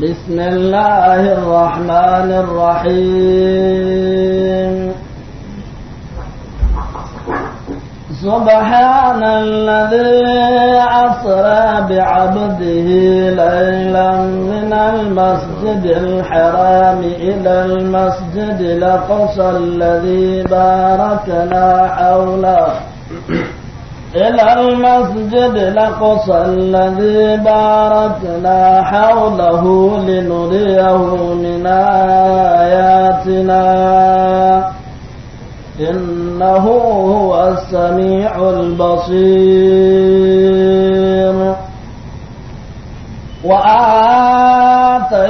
بسم الله الرحمن الرحيم سبحان الذي أسرى بعبده ليلا من المسجد الحرام إلى المسجد لقصى الذي باركنا حوله إلى المسجد الأقصى الذي باركنا حوله لنريه من آياتنا إنه هو السميع البصير وآه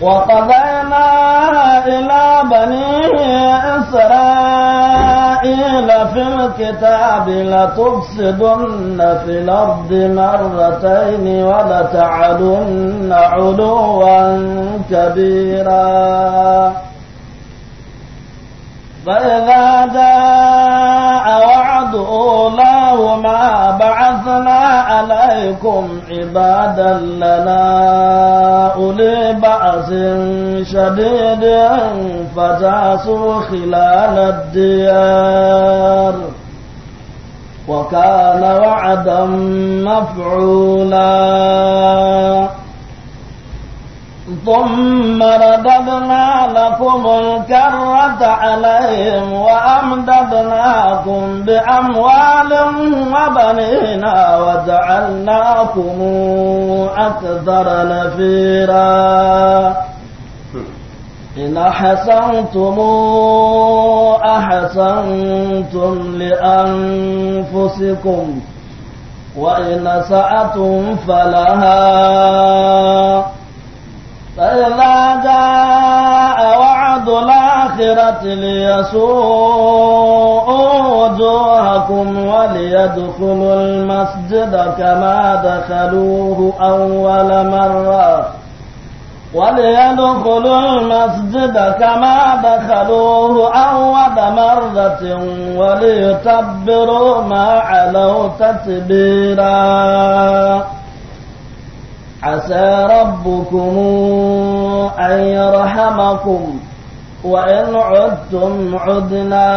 وقضينا إلى بني إسرائيل في الكتاب لتفسدن في الأرض مرتين ولتعلن علوا كبيرا فإذا جاء وعد أولئك وما بعثنا عليكم عبادا لنا أولي بأس شديد فجاسوا خلال الديار وكان وعدا مفعولا ثم رددنا لكم الكرة عليهم وأمددناكم بأموال وبنينا وجعلناكم أكثر نفيرا إن أحسنتم أحسنتم لأنفسكم وإن سأتم فلها فإذا جاء وعد الآخرة ليسوء وجوهكم وليدخلوا المسجد كما دخلوه أول مرة وليدخلوا المسجد كما دخلوه أول مرة وليتبروا ما علوا تتبيراً عسى ربكم أن يرحمكم وإن عدتم عدنا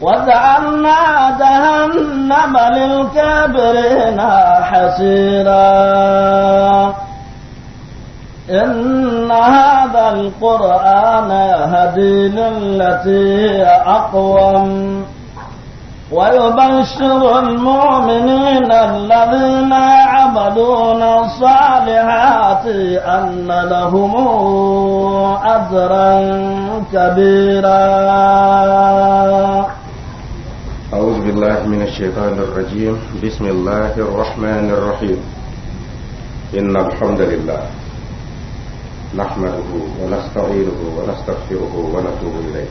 وجعلنا جهنم للكابرين حسيرا إن هذا القرآن يهدي للتي أقوم ويبشر المؤمنين الذين يعملون الصالحات أن لهم أجرا كبيرا أعوذ بالله من الشيطان الرجيم بسم الله الرحمن الرحيم إن الحمد لله نحمده ونستعينه ونستغفره ونتوب إليه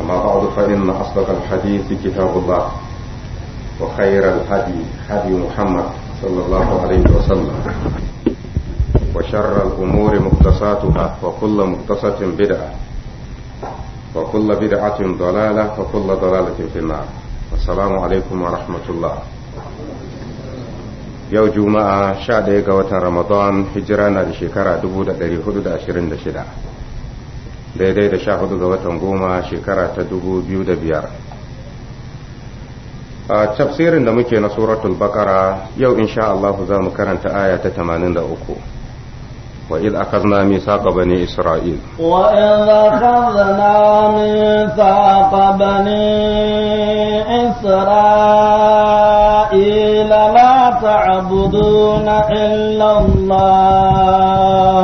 أما بعد فإن أصدق الحديث كتاب الله وخير الهدي هدي محمد صلى الله عليه وسلم وشر الأمور مقتصاتها وكل مقتصة بدعة وكل بدعة ضلالة وكل ضلالة في النار السلام عليكم ورحمة الله yau juma'a 11 ga watan ramadan hijira na da shekara 1426 daidai da sha hudu ga watan goma shekara ta dubu biyu da biyar a tafsirin da muke na suratul bakara yau insha Allah za mu karanta aya ta tamanin da uku وإذ أخذنا ميثاق بني إسرائيل وإذ أخذنا ميثاق بني إسرائيل لا تعبدون إلا الله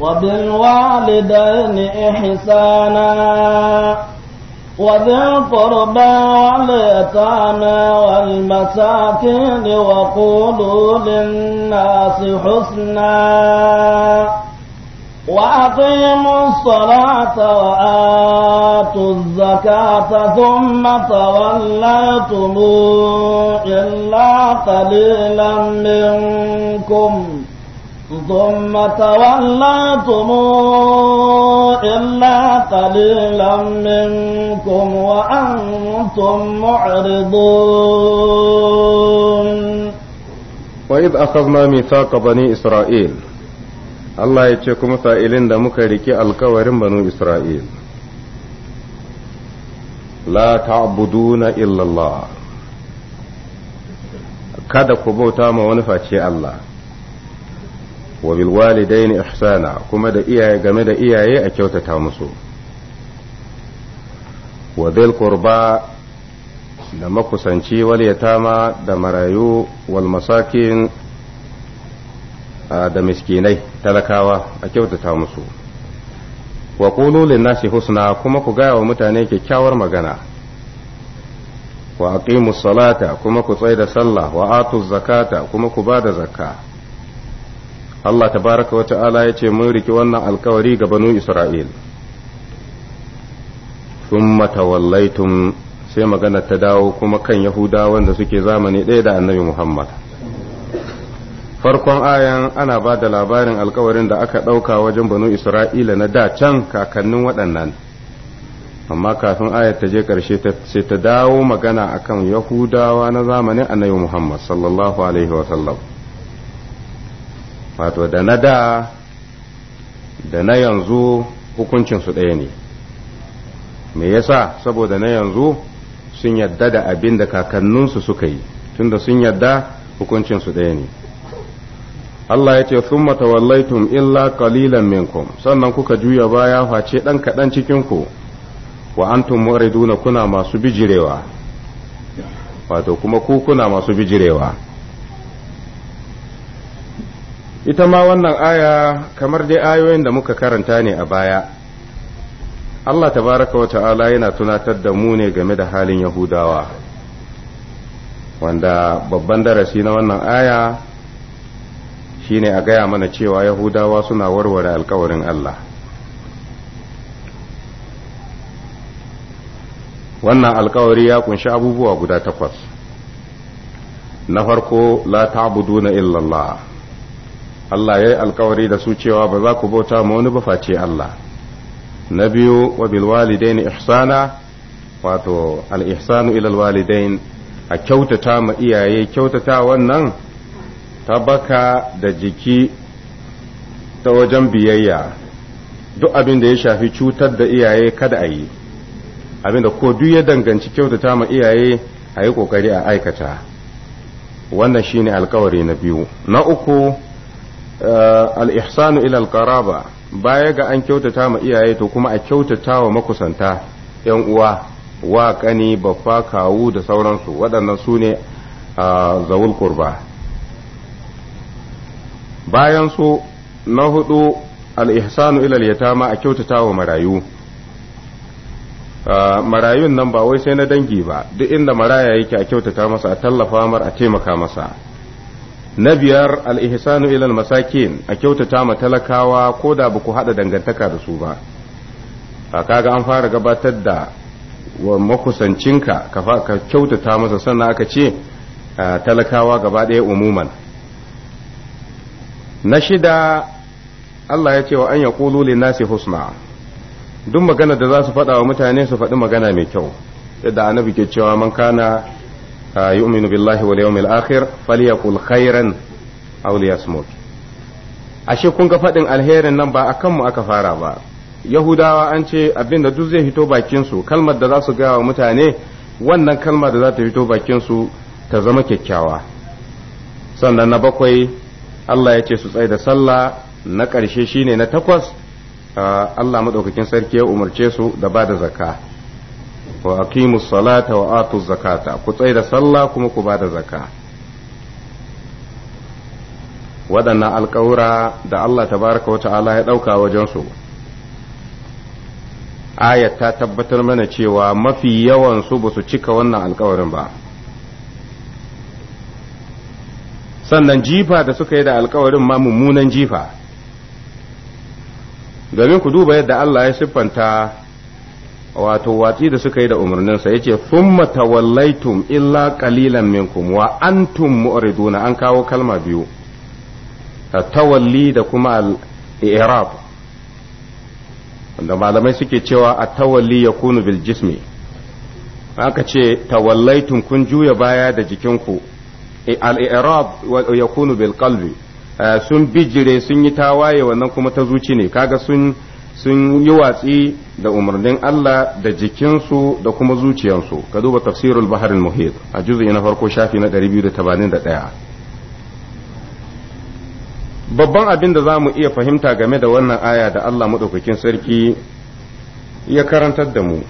وبالوالدين إحسانا وذي القربى واليتامى والمساكين وقولوا للناس حسنا وأقيموا الصلاة وآتوا الزكاة ثم توليتم إلا قليلا منكم ثم توليتم إلا قليلا منكم وأنتم معرضون وإذ أخذنا ميثاق بني إسرائيل Allah ya ce kuma sa'ilin da muka riƙe alkawarin banu Isra'il, La ta'buduna illallah, kada ku bauta ma wani Allah. wa bil walidaini ihsana kuma da iyaye game da iyaye a kyautata musu wa dhil qurba da makusanci wal yatama da marayu wal masakin da miskinai talakawa a kyautata musu wa nasi husna kuma ku gaya wa mutane kyakkyawar magana wa aqimus salata kuma ku tsaya da sallah wa zakata kuma ku ba da zakka Allah tabaraka wa ta'ala ya ce mun riki wannan alkawari ga banu Isra'il. Thumma tun sai magana ta dawo kuma kan Yahudawa wanda suke zamani ɗaya da annabi Muhammad. Farkon ayan ana ba da labarin alkawarin da aka ɗauka wajen banu Isra'ila na da can kakannin waɗannan. Amma kafin ayar ta je ƙarshe sai ta dawo magana akan Yahudawa na zamanin annabi Muhammad sallallahu alaihi wa sallam. wato da na da da na yanzu hukuncinsu ɗaya ne me yasa saboda na yanzu sun yadda da abin da kakanninsu suka yi tunda sun yadda hukuncinsu ɗaya ne Allah ya ce sun matawallaitum illa qalilan minkum sannan kuka juya baya face ɗan kaɗan cikinku wa antum mu'riduna kuna masu bijirewa wato kuma ku kuna masu bijirewa ita ma wannan aya kamar dai ayoyin da muka karanta ne a baya Allah tabaraka wa ta'ala yana tunatar da mu ne game da halin Yahudawa wanda babban darasi na wannan aya shine a gaya mana cewa Yahudawa suna warware alkawarin Allah wannan alkawari ya kunshi abubuwa guda takwas na farko la ta'buduna illallah Allah ya yi alkawari da su cewa ba za ku bauta ma wani ba face Allah na biyu wa bil walidain ihsana wato al ihsanu ila al walidain a kyautata ma iyaye kyautata wannan tabaka da jiki ta wajen biyayya duk abin da ya shafi cutar da iyaye kada a yi abin da ko duk ya danganci kyautata ma iyaye a yi kokari a aikata wannan shine alkawari na biyu na uku al-ihsanu ila al-qaraba baya ga an kyautata ma iyaye to kuma a kyautata wa makusanta yan uwa wa kani baffa kawu da sauransu waɗannan su ne zawul qurba bayan su na hudu al-ihsanu ila al-yatama a kyautata wa marayu marayun nan ba wai sai na dangi ba duk inda maraya yake a kyautata masa a tallafa mar a taimaka masa na biyar al-ihsanu masakin a kyautata ma talakawa ko da ba ku haɗa dangantaka da su ba kaga an fara gabatar da wa makusancinka ka kyautata masa sannan aka ce talakawa gaba ɗaya umuman na shida Allah ya ce wa an ya ƙulu nasi husna duk magana da za su faɗa wa mutane su faɗi magana mai kyau yadda annabi ke cewa man kana yu'minu billahi wal yawmil akhir falyakul khairan aw ashe kun ga fadin alherin nan ba akan mu aka fara ba yahudawa an ce abin da duk zai fito bakin su kalmar da za su gaya wa mutane wannan kalma da za ta fito bakinsu ta zama kyakkyawa sannan na bakwai Allah ya ce su tsaye da sallah na ƙarshe shine na takwas Allah maɗaukakin sarki ya umarce su da ba da zakka wa aqimu salata wa atu zakata ku tsai da sallah kuma ku bada da zaka waɗannan alƙawura da Allah Ta Wata wata'ala ya ɗauka su ayat ta tabbatar mana cewa mafi yawan su ba su cika wannan alƙawarin ba sannan jifa da suka yi da alƙawarin ma mummunan jifa domin ku duba yadda Allah ya siffanta wato wati da suka yi da umarninsa ya ce thumma tawallaitum illa qalilan minkum wa antum mu'riduna an kawo kalma biyu tawalli da kuma al-i'rab wanda malamai suke cewa at-tawalli yakunu bil jismi aka ce tawallaitum kun juya baya da jikinku e, al-i'rab yakunu bil qalbi eh, sun bijire sun yi tawaye wannan kuma ta zuci ne kaga sun sun yi watsi da umarnin Allah da jikinsu da kuma zuciyarsu ka duba tafsirul baharin muhit a juzu'i na farko shafi na 281 babban abin da za mu iya fahimta game da wannan aya da Allah maɗaukakin sarki ya karantar da mu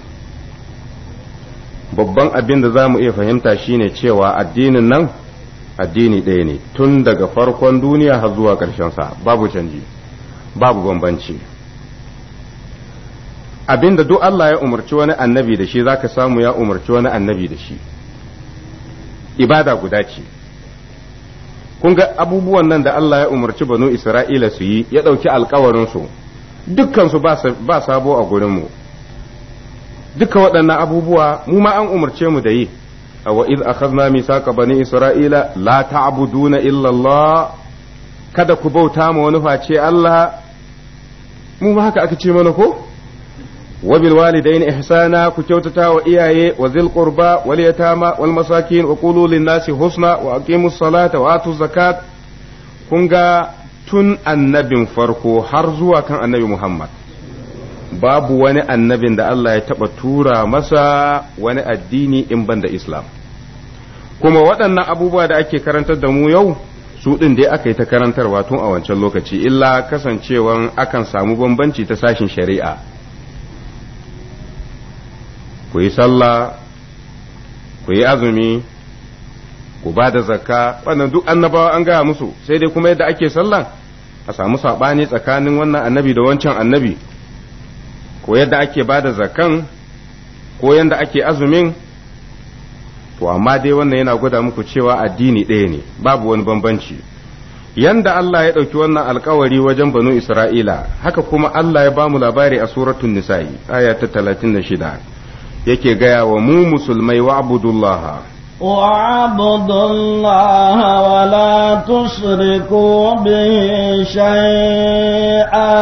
babban abin da za mu iya fahimta shine cewa addinin nan addini ɗaya ne tun daga farkon duniya har zuwa sa babu canji babu bambanci abinda duk Allah ya umarci wani annabi da shi zaka samu ya umarci wani annabi da shi ibada guda ce kun ga abubuwan nan da Allah ya umarci banu Isra'ila su yi ya ɗauki alkawarin su dukkan su ba sabo a gurin mu duka waɗannan abubuwa mu ma an umarce mu da yi wa iz akhadna mithaqa bani isra'ila la ta'buduna illa Allah kada ku bauta ma wani face Allah mu ma haka aka ce mana ko wa bil walidaini ihsana ku kyautata wa iyaye wa zil qurba wal yatama wal masakin wa qulu lin nasi husna wa aqimus salata wa atuz zakat kun ga tun annabin farko har zuwa kan annabi Muhammad babu wani annabin da Allah ya taɓa tura masa wani addini in banda Islam kuma waɗannan abubuwa da ake karantar da mu yau su ɗin dai aka yi ta karantarwa tun a wancan lokaci illa kasancewan akan samu bambanci ta sashin shari'a ku yi sallah ku yi azumi ku ba da zakka wannan duk annabawa an gaya musu sai dai kuma yadda ake sallah a samu saɓani tsakanin wannan annabi da wancan annabi ko yadda ake ba da zakan ko yadda ake azumin to amma dai wannan yana gwada muku cewa addini ɗaya ne babu wani bambanci yanda Allah ya ɗauki wannan alkawari wajen banu Isra'ila haka kuma Allah ya ba mu labari a suratun nisa'i aya ta 36 yake gaya wa mu musulmai wa abudullaha واعبدوا الله ولا تشركوا به شيئا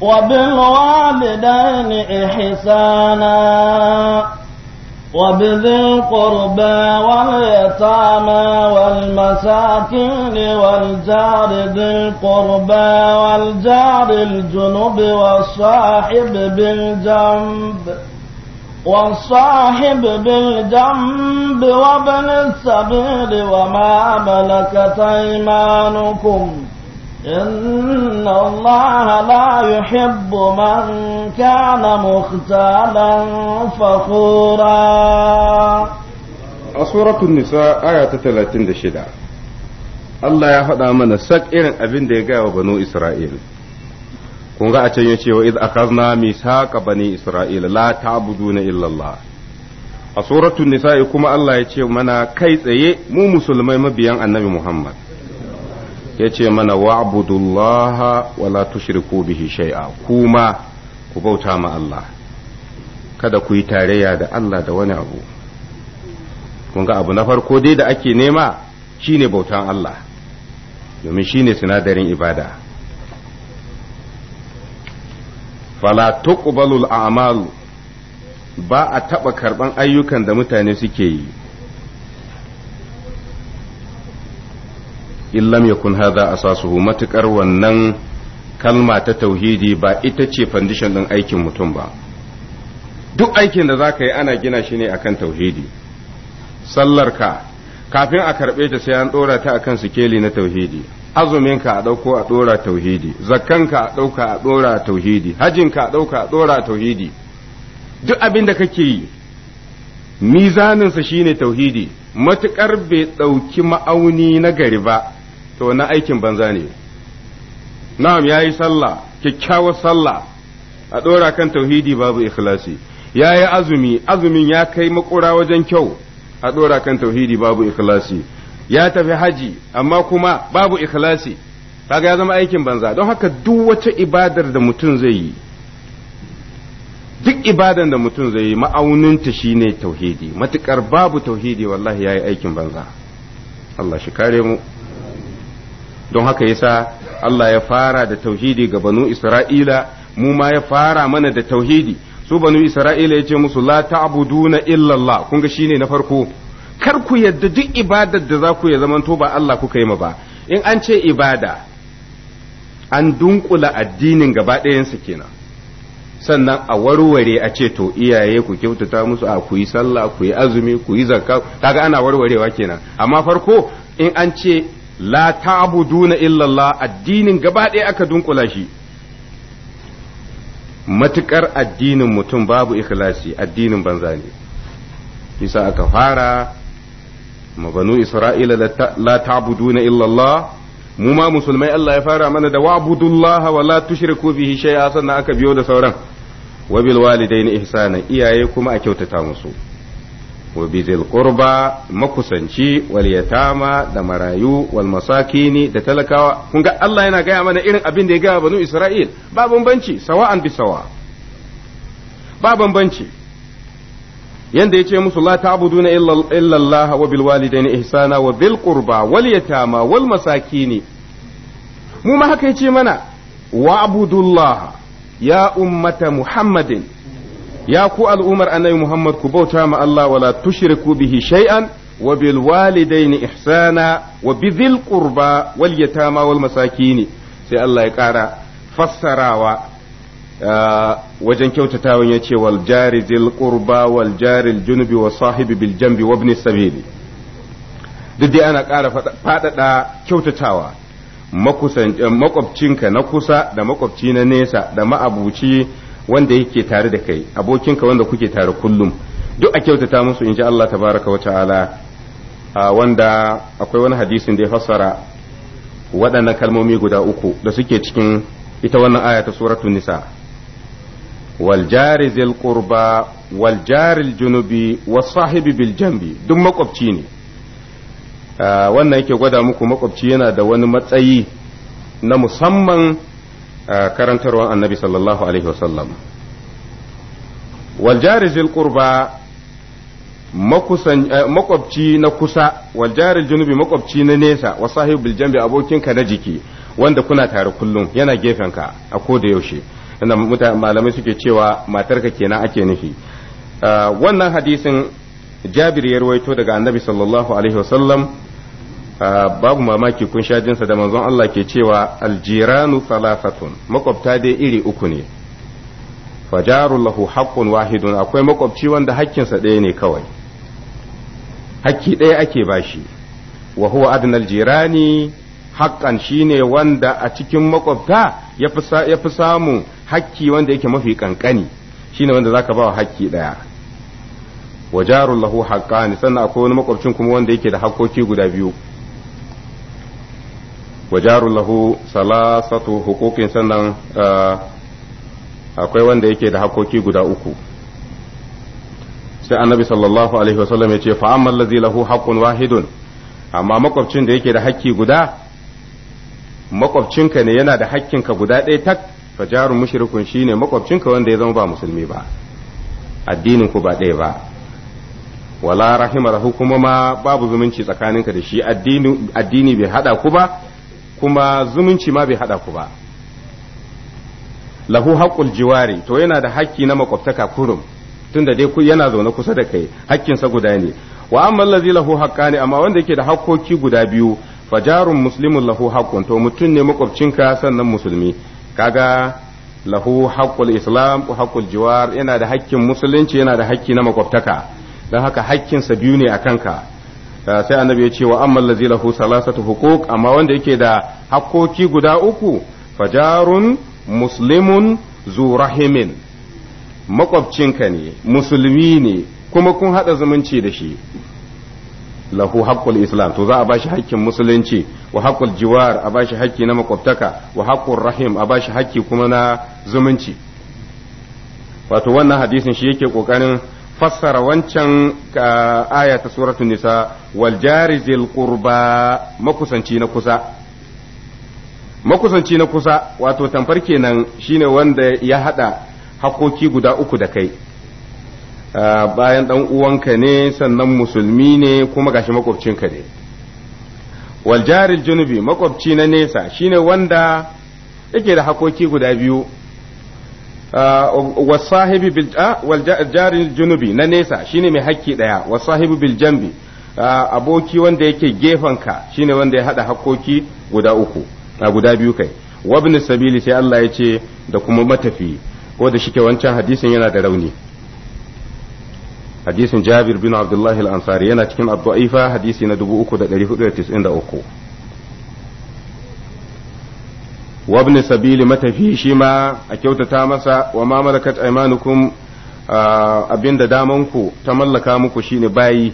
وبالوالدين إحسانا وبذي القربى واليتامى والمساكين والجار ذي القربى والجار الجنوب والصاحب بالجنب والصاحب بالجنب وابن السبيل وما ملكت أيمانكم إن الله لا يحب من كان مختالا فخورا سورة النساء آية 36 Allah ya faɗa mana sak irin abin da ya gaya wa banu Isra'il. kun ga a can ya ce wa iz akhazna mithaqa bani isra'ila la ta'buduna illa Allah a suratul nisa'i kuma Allah ya ce mana kai tsaye mu musulmai mabiyan annabi Muhammad ya ce mana wa'budullaha wa la tushriku bihi shay'a kuma ku bauta ma Allah kada ku yi tarayya da Allah da wani abu kun ga abu na farko dai da ake nema shine bautan Allah domin shine sinadarin ibada fala tuqbalul a'malu ba a taɓa karɓan ayyukan da mutane suke yi illam yakun hadha asasuhu matukar wannan kalma ta tauhidi ba ita ce foundation ɗin aikin mutum ba duk aikin da zaka yi ana gina shi ne akan tauhidi Sallar ka kafin a karbe ta sai an dora ta akan sikeli na tauhidi azuminka a ɗauko a ɗora tauhidi zakkanka a ɗauka a ɗora tauhidi hajinka a ɗauka a ɗora tauhidi duk abin da kake yi mizaninsa shine tauhidi matuƙar bai ɗauki ma'auni na gari ba to na aikin banza ne na'am ya yi sallah kyakkyawar sallah a ɗora kan tauhidi babu ikhlasi ya yi azumi azumin ya kai makura wajen kyau a ɗora kan tauhidi babu ikhlasi ya tafi haji amma kuma babu ikhlasi kaga ya zama aikin banza don haka duk wata ibadar da mutum zai yi duk ibadar da mutum zai yi ma'auninta shine tauhidi matukar babu tauhidi wallahi yayi aikin banza Allah shi kare mu don haka yasa Allah ya fara da tauhidi ga banu Isra'ila mu ma ya fara mana da tauhidi su banu Isra'ila ya ce musu la ta'buduna illallah kun ga shine na farko kar ku yadda duk ibadar da za ku ya zamanto ba Allah kuka yi ma ba in an ce ibada an dunkula addinin gaba ɗayansa kenan sannan a warware a ce to iyaye ku kyautata musu a ku yi sallah ku yi azumi ku yi zakka kaga ana warwarewa kenan amma farko in an ce la ta'buduna illallah addinin gaba ɗaya aka dunkula shi matukar addinin mutum babu ikhlasi addinin banza ne yasa aka fara kuma banu isra'ila la ta'buduna illa Allah mu ma musulmai Allah ya fara mana da wa'budullaha wa la tushriku bihi shay'a sannan aka biyo da sauran wa bil walidaini ihsana iyaye kuma a kyautata musu wa bizil qurba makusanci wal yatama da marayu wal masakini da talakawa kun ga Allah yana gaya mana irin abin da ya gaya banu Isra'il ba bambanci sawa'an bi sawa ba bambanci yanda ce musu la abudu na Allah wa bil walidayni ihsana wa bil qurba wal yatama wal masakini mu ma haka yace mana wa abudullah ya ummata muhammadin ya ku al'umar annabi muhammad ku bauta ma Allah wala tushriku bihi shay'an wa bil walidayni ihsana wa bil qurba wal yatama wal masakini sai Allah ya kara fassarawa wajen kyautatawan ya ce wal jari zil qurba wal jari junubi wa sahibi bil jambi wa ibn sabili duk dai ana ƙara faɗaɗa kyautatawa makwabcinka na kusa da makwabci na nesa da ma'abuci wanda yake tare da kai abokinka wanda kuke tare kullum duk a kyautata musu in ji Allah tabaraka wa ta'ala wanda akwai wani hadisin da ya fassara waɗannan kalmomi guda uku da suke cikin ita wannan aya ta suratul nisa wal jari zil qurba wal junubi was sahibi bil jambi duk makwabci ne wannan yake gwada muku makwabci yana da wani matsayi na musamman karantarwar annabi sallallahu alaihi wasallam sallam. jari zil qurba makwabci na kusa wal junubi makwabci na nesa wa sahibi bil jambi abokinka na jiki wanda kuna tare kullum yana gefenka a ko da yaushe inda malamai suke cewa matarka kenan ake nufi ah, wannan hadisin jabir ya ruwaito daga annabi sallallahu alaihi wasallam ah, babu mamaki kun sha jinsa da manzon Allah ke cewa aljiranu salasatun makwabta dai iri uku ne fajarun lahu haqqun wahidun akwai makwabci wanda hakkinsa ɗaya ne kawai hakki ɗaya ake bashi wa huwa adnal jirani haƙƙan shine wanda a cikin makwabta ya fi samu. hakki wanda yake mafi kankani shine wanda zaka ba wa hakki daya wa jarul lahu haqqani sannan akwai wani makwabcin kuma wanda yake da hakkoki guda biyu wa jarul lahu salasatu huquqin sannan ah, akwai wanda yake da hakkoki guda uku sai annabi sallallahu alaihi wasallam ya ce fa amma allazi lahu haqqun wahidun amma makwabcin da yake da hakki guda makwabcinka ne yana da hakkinka guda ɗaya tak fajarun mushrikun shine makwabcinka wanda ya zama ba musulmi ba addinin ku ba ɗaya ba wala rahimahu kuma ma babu zumunci tsakaninka da shi addini bai hada ku ba kuma zumunci ma bai hada ku ba lahu haƙul jiwari to yana da haƙƙi na makwabtaka kurum tunda dai yana zaune kusa da kai haƙƙinsa guda ne wa amma allazi lahu haqqani amma wanda yake da hakkoki guda biyu fajarun muslimun lahu haqqun to mutum ne makwabcinka sannan musulmi kaga lahu haƙƙul islam wa haƙƙul jiwar yana da haƙƙin musulunci yana da haƙƙi na makwabtaka don haka haƙƙin sa biyu ne a ka. Uh, sai annabi ya ce wa amma allazi lahu salasatu huquq amma wanda yake da hakkoki guda uku fajarun muslimun zu rahimin makwabcinka ne musulmi ne kuma kun haɗa zumunci da shi lahu haqqul islam to za a bashi haƙƙin musulunci wa haqqul jiwar a bashi haƙƙi na makwabtaka wa haqqur rahim a bashi haƙƙi kuma na zumunci wato wannan hadisin shi yake ƙoƙarin fassara wancan aya ta suratul nisa wal jarizil qurba makusanci na kusa makusanci na kusa wato tamfar kenan shine wanda ya haɗa hakoki guda uku da kai Ah, bayan dan uwanka ne sannan musulmi ne kuma gashi makwabcinka ne wal jaril junubi makwabci na nesa shine wanda yake da hakoki guda biyu ah, wasahibi bil ah, wal jaril junubi na nesa shine mai hakki daya wasahibi bil jambi aboki wanda yake gefanka shine wanda ya hada hakoki guda uku a guda biyu kai wabni sabili sai Allah ya ce da kuma matafi ko da shike wancan hadisin yana da rauni hadisin jabir bin abdullah al-ansari yana cikin abdu'ifa hadisi na 3493 wa ibn sabili matafi shi ma a kyautata masa wa ma malakat aymanukum abinda damanku ta mallaka muku shine bayi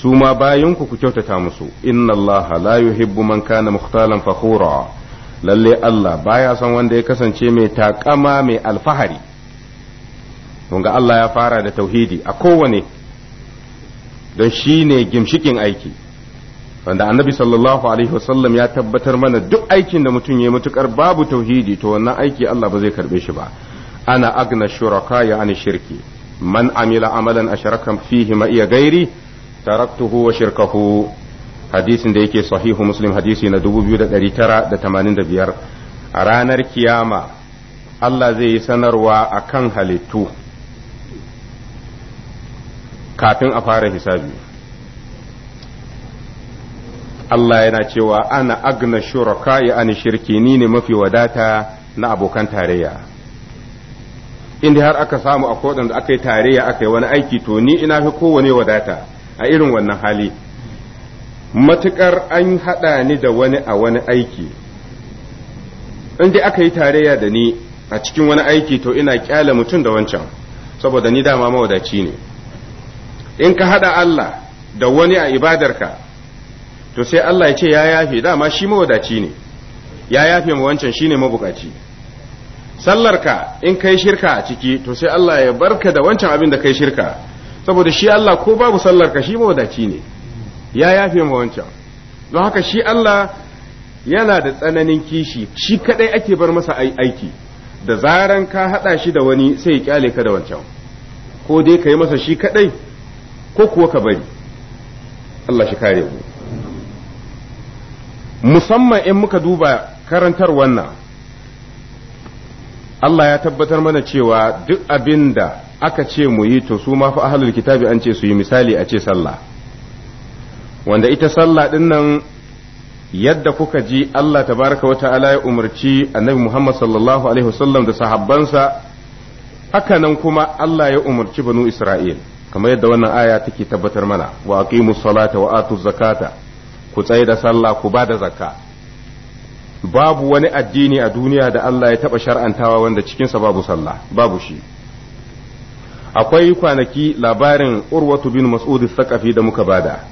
su ma bayinku ku kyautata musu inna allaha la yuhibbu man kana mukhtalan fakhura lalle Allah baya son wanda ya kasance mai takama mai alfahari ga Allah ya fara da tauhidi a kowane don shi ne gimshikin aiki wanda annabi sallallahu alaihi wasallam ya tabbatar mana duk aikin da mutum ya matukar babu tauhidi to wannan aiki Allah ba zai karbe shi ba ana agna shuraka ya ani shirki man amila amalan asharaka fihi ma iya gairi taraktuhu wa shirkahu hadisin da yake sahihu muslim hadisi na 2985 a ranar kiyama Allah zai yi sanarwa akan halittu kafin a fara hisabi Allah yana cewa ana agna shuraka ya ani shirki ni ne mafi wadata na abokan tarayya inda har aka samu a kodan da aka yi tarayya aka yi wani aiki to ni ina fi kowane wadata a irin wannan hali matukar an haɗa ni da wani a wani aiki inda aka yi tarayya da ni a cikin wani aiki to ina kyale mutum da wancan saboda ni dama mawadaci ne in ka haɗa Allah da wani a ibadarka to sai Allah ya ce ya yafe dama shi mawadaci ne ya yafe ma wancan shi ne mabukaci sallarka in kai shirka a ciki to sai Allah ya barka da wancan abin da kai shirka saboda shi Allah ko babu sallarka shi mawadaci ne ya yafe ma wancan don haka shi Allah yana da tsananin kishi shi kadai ake bar masa aiki da zaran ka haɗa shi da wani sai ya kyale ka da wancan ko dai ka yi masa shi kadai ko kuwa ka bari Allah shi kare mu musamman in muka duba karantar wannan Allah ya tabbatar mana cewa duk abin da aka ce mu yi to su ma fa ahlul kitabi an ce su yi misali a ce sallah wanda ita sallah din nan yadda kuka ji Allah tabaraka wata'ala ya umarci annabi Muhammad sallallahu alaihi wasallam da sahabbansa haka nan kuma Allah ya umarci banu Isra'il kamar yadda wannan aya take tabbatar mana wa aqimu salata wa atu zakata ku tsaye da sallah ku ba da zakka babu wani addini a duniya da Allah ya taba shar'antawa wanda cikinsa babu sallah babu shi akwai kwanaki labarin urwatu bin mas'ud sakafi da muka bada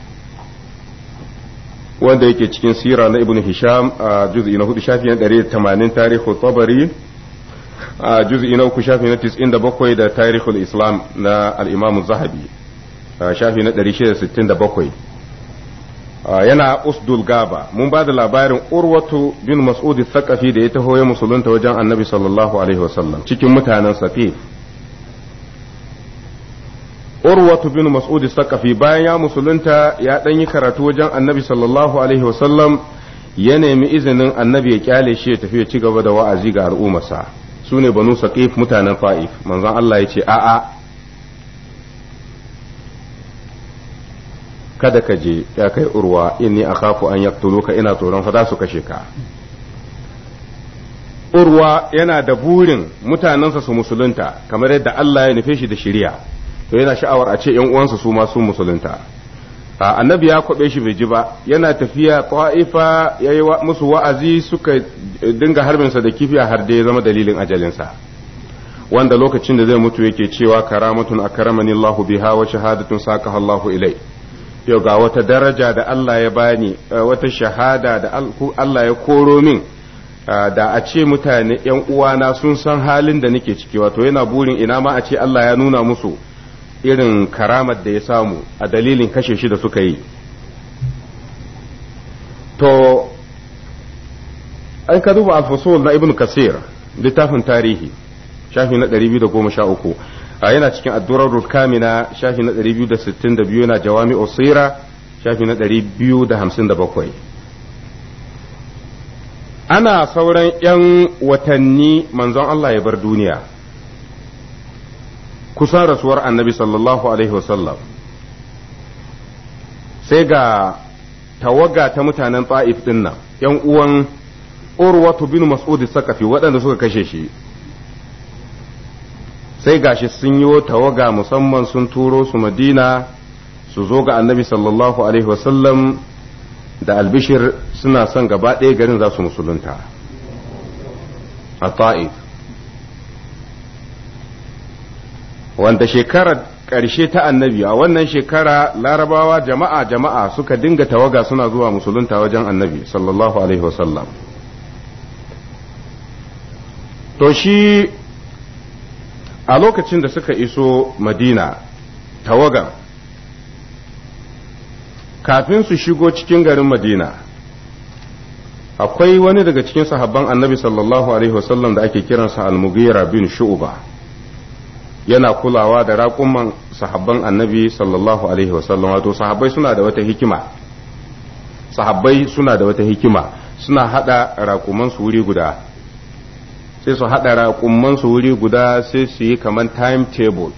wanda yake cikin sira na ibnu hisham a juz'i na 4 shafin 180 tarihi tabari a juz'i na uku shafi na 97 da bakwai da tarihul islam na al zahabi shafi na shida sittin da bakwai. yana usdul gaba mun ba da labarin urwatu bin mas'ud sakafi da ya taho ya musulunta wajen annabi sallallahu alaihi wasallam cikin mutanen safif urwatu bin mas'ud sakafi bayan ya musulunta ya dan yi karatu wajen annabi sallallahu alaihi wasallam ya nemi izinin annabi ya kyale shi ya tafi ya ci gaba da wa'azi ga al'ummarsa su ne banu saqif mutanen fa'if manzon Allah ya ce a'a kada ka je ya kai urwa inni akhafu an yaqtuluka ina tsoron fa za su kashe ka urwa yana da burin mutanensa su musulunta kamar yadda Allah ya nufe shi da shiriya to yana sha'awar a ce yan uwansa su ma su musulunta annabi ya kwabe shi bai ji ba yana tafiya ta'ifa ya yi musu wa'azi suka eh, dinga harbinsa da kifi har da ya zama dalilin ajalinsa wanda lokacin da zai mutu yake cewa karamatun karamani Allahu biha wa shahadatun saqaha Allahu ilai yau ga wata daraja da Allah ya bani eh, wata shahada da Allah ya koro min eh, da a ce mutane yan uwana sun san halin da nake ciki wato yana burin ina ma a ce Allah ya nuna musu irin karamar da ya samu a dalilin kashe shi da suka yi to an ka duba alfasul na ibn kasir littafin tarihi shafi na 213 a yana cikin addurar Rukamina shafi na 262 yana jawami osira shafi na 257 ana sauran 'yan watanni manzon Allah ya bar duniya kusan rasuwar annabi sallallahu alaihi wasallam sai ga tawaga ta mutanen tsa'if din nan yan uwan urwatu bin mas'ud sakafi waɗanda suka kashe shi sai gashi sun yi tawaga musamman sun turo su madina su zo ga annabi sallallahu alaihi wasallam da albishir suna son gaba ɗaya garin za su musulunta a ta'if wanda shekarar ƙarshe ta annabi a wannan shekara larabawa jama'a jama'a suka dinga tawaga suna zuwa musulunta wajen annabi sallallahu alaihi wasallam to shi a lokacin da suka iso madina tawaga kafin su shigo cikin garin madina akwai wani daga cikin sahabban annabi sallallahu alaihi wasallam da ake kiransa al-mughira bin shu'ba yana kulawa da raƙuman sahabban annabi sallallahu alaihi wasallam wato sahabbai suna da wata hikima sahabbai suna da wata hikima suna hada raƙuman su wuri guda sai su hada raƙuman su wuri guda sai su yi kaman timetable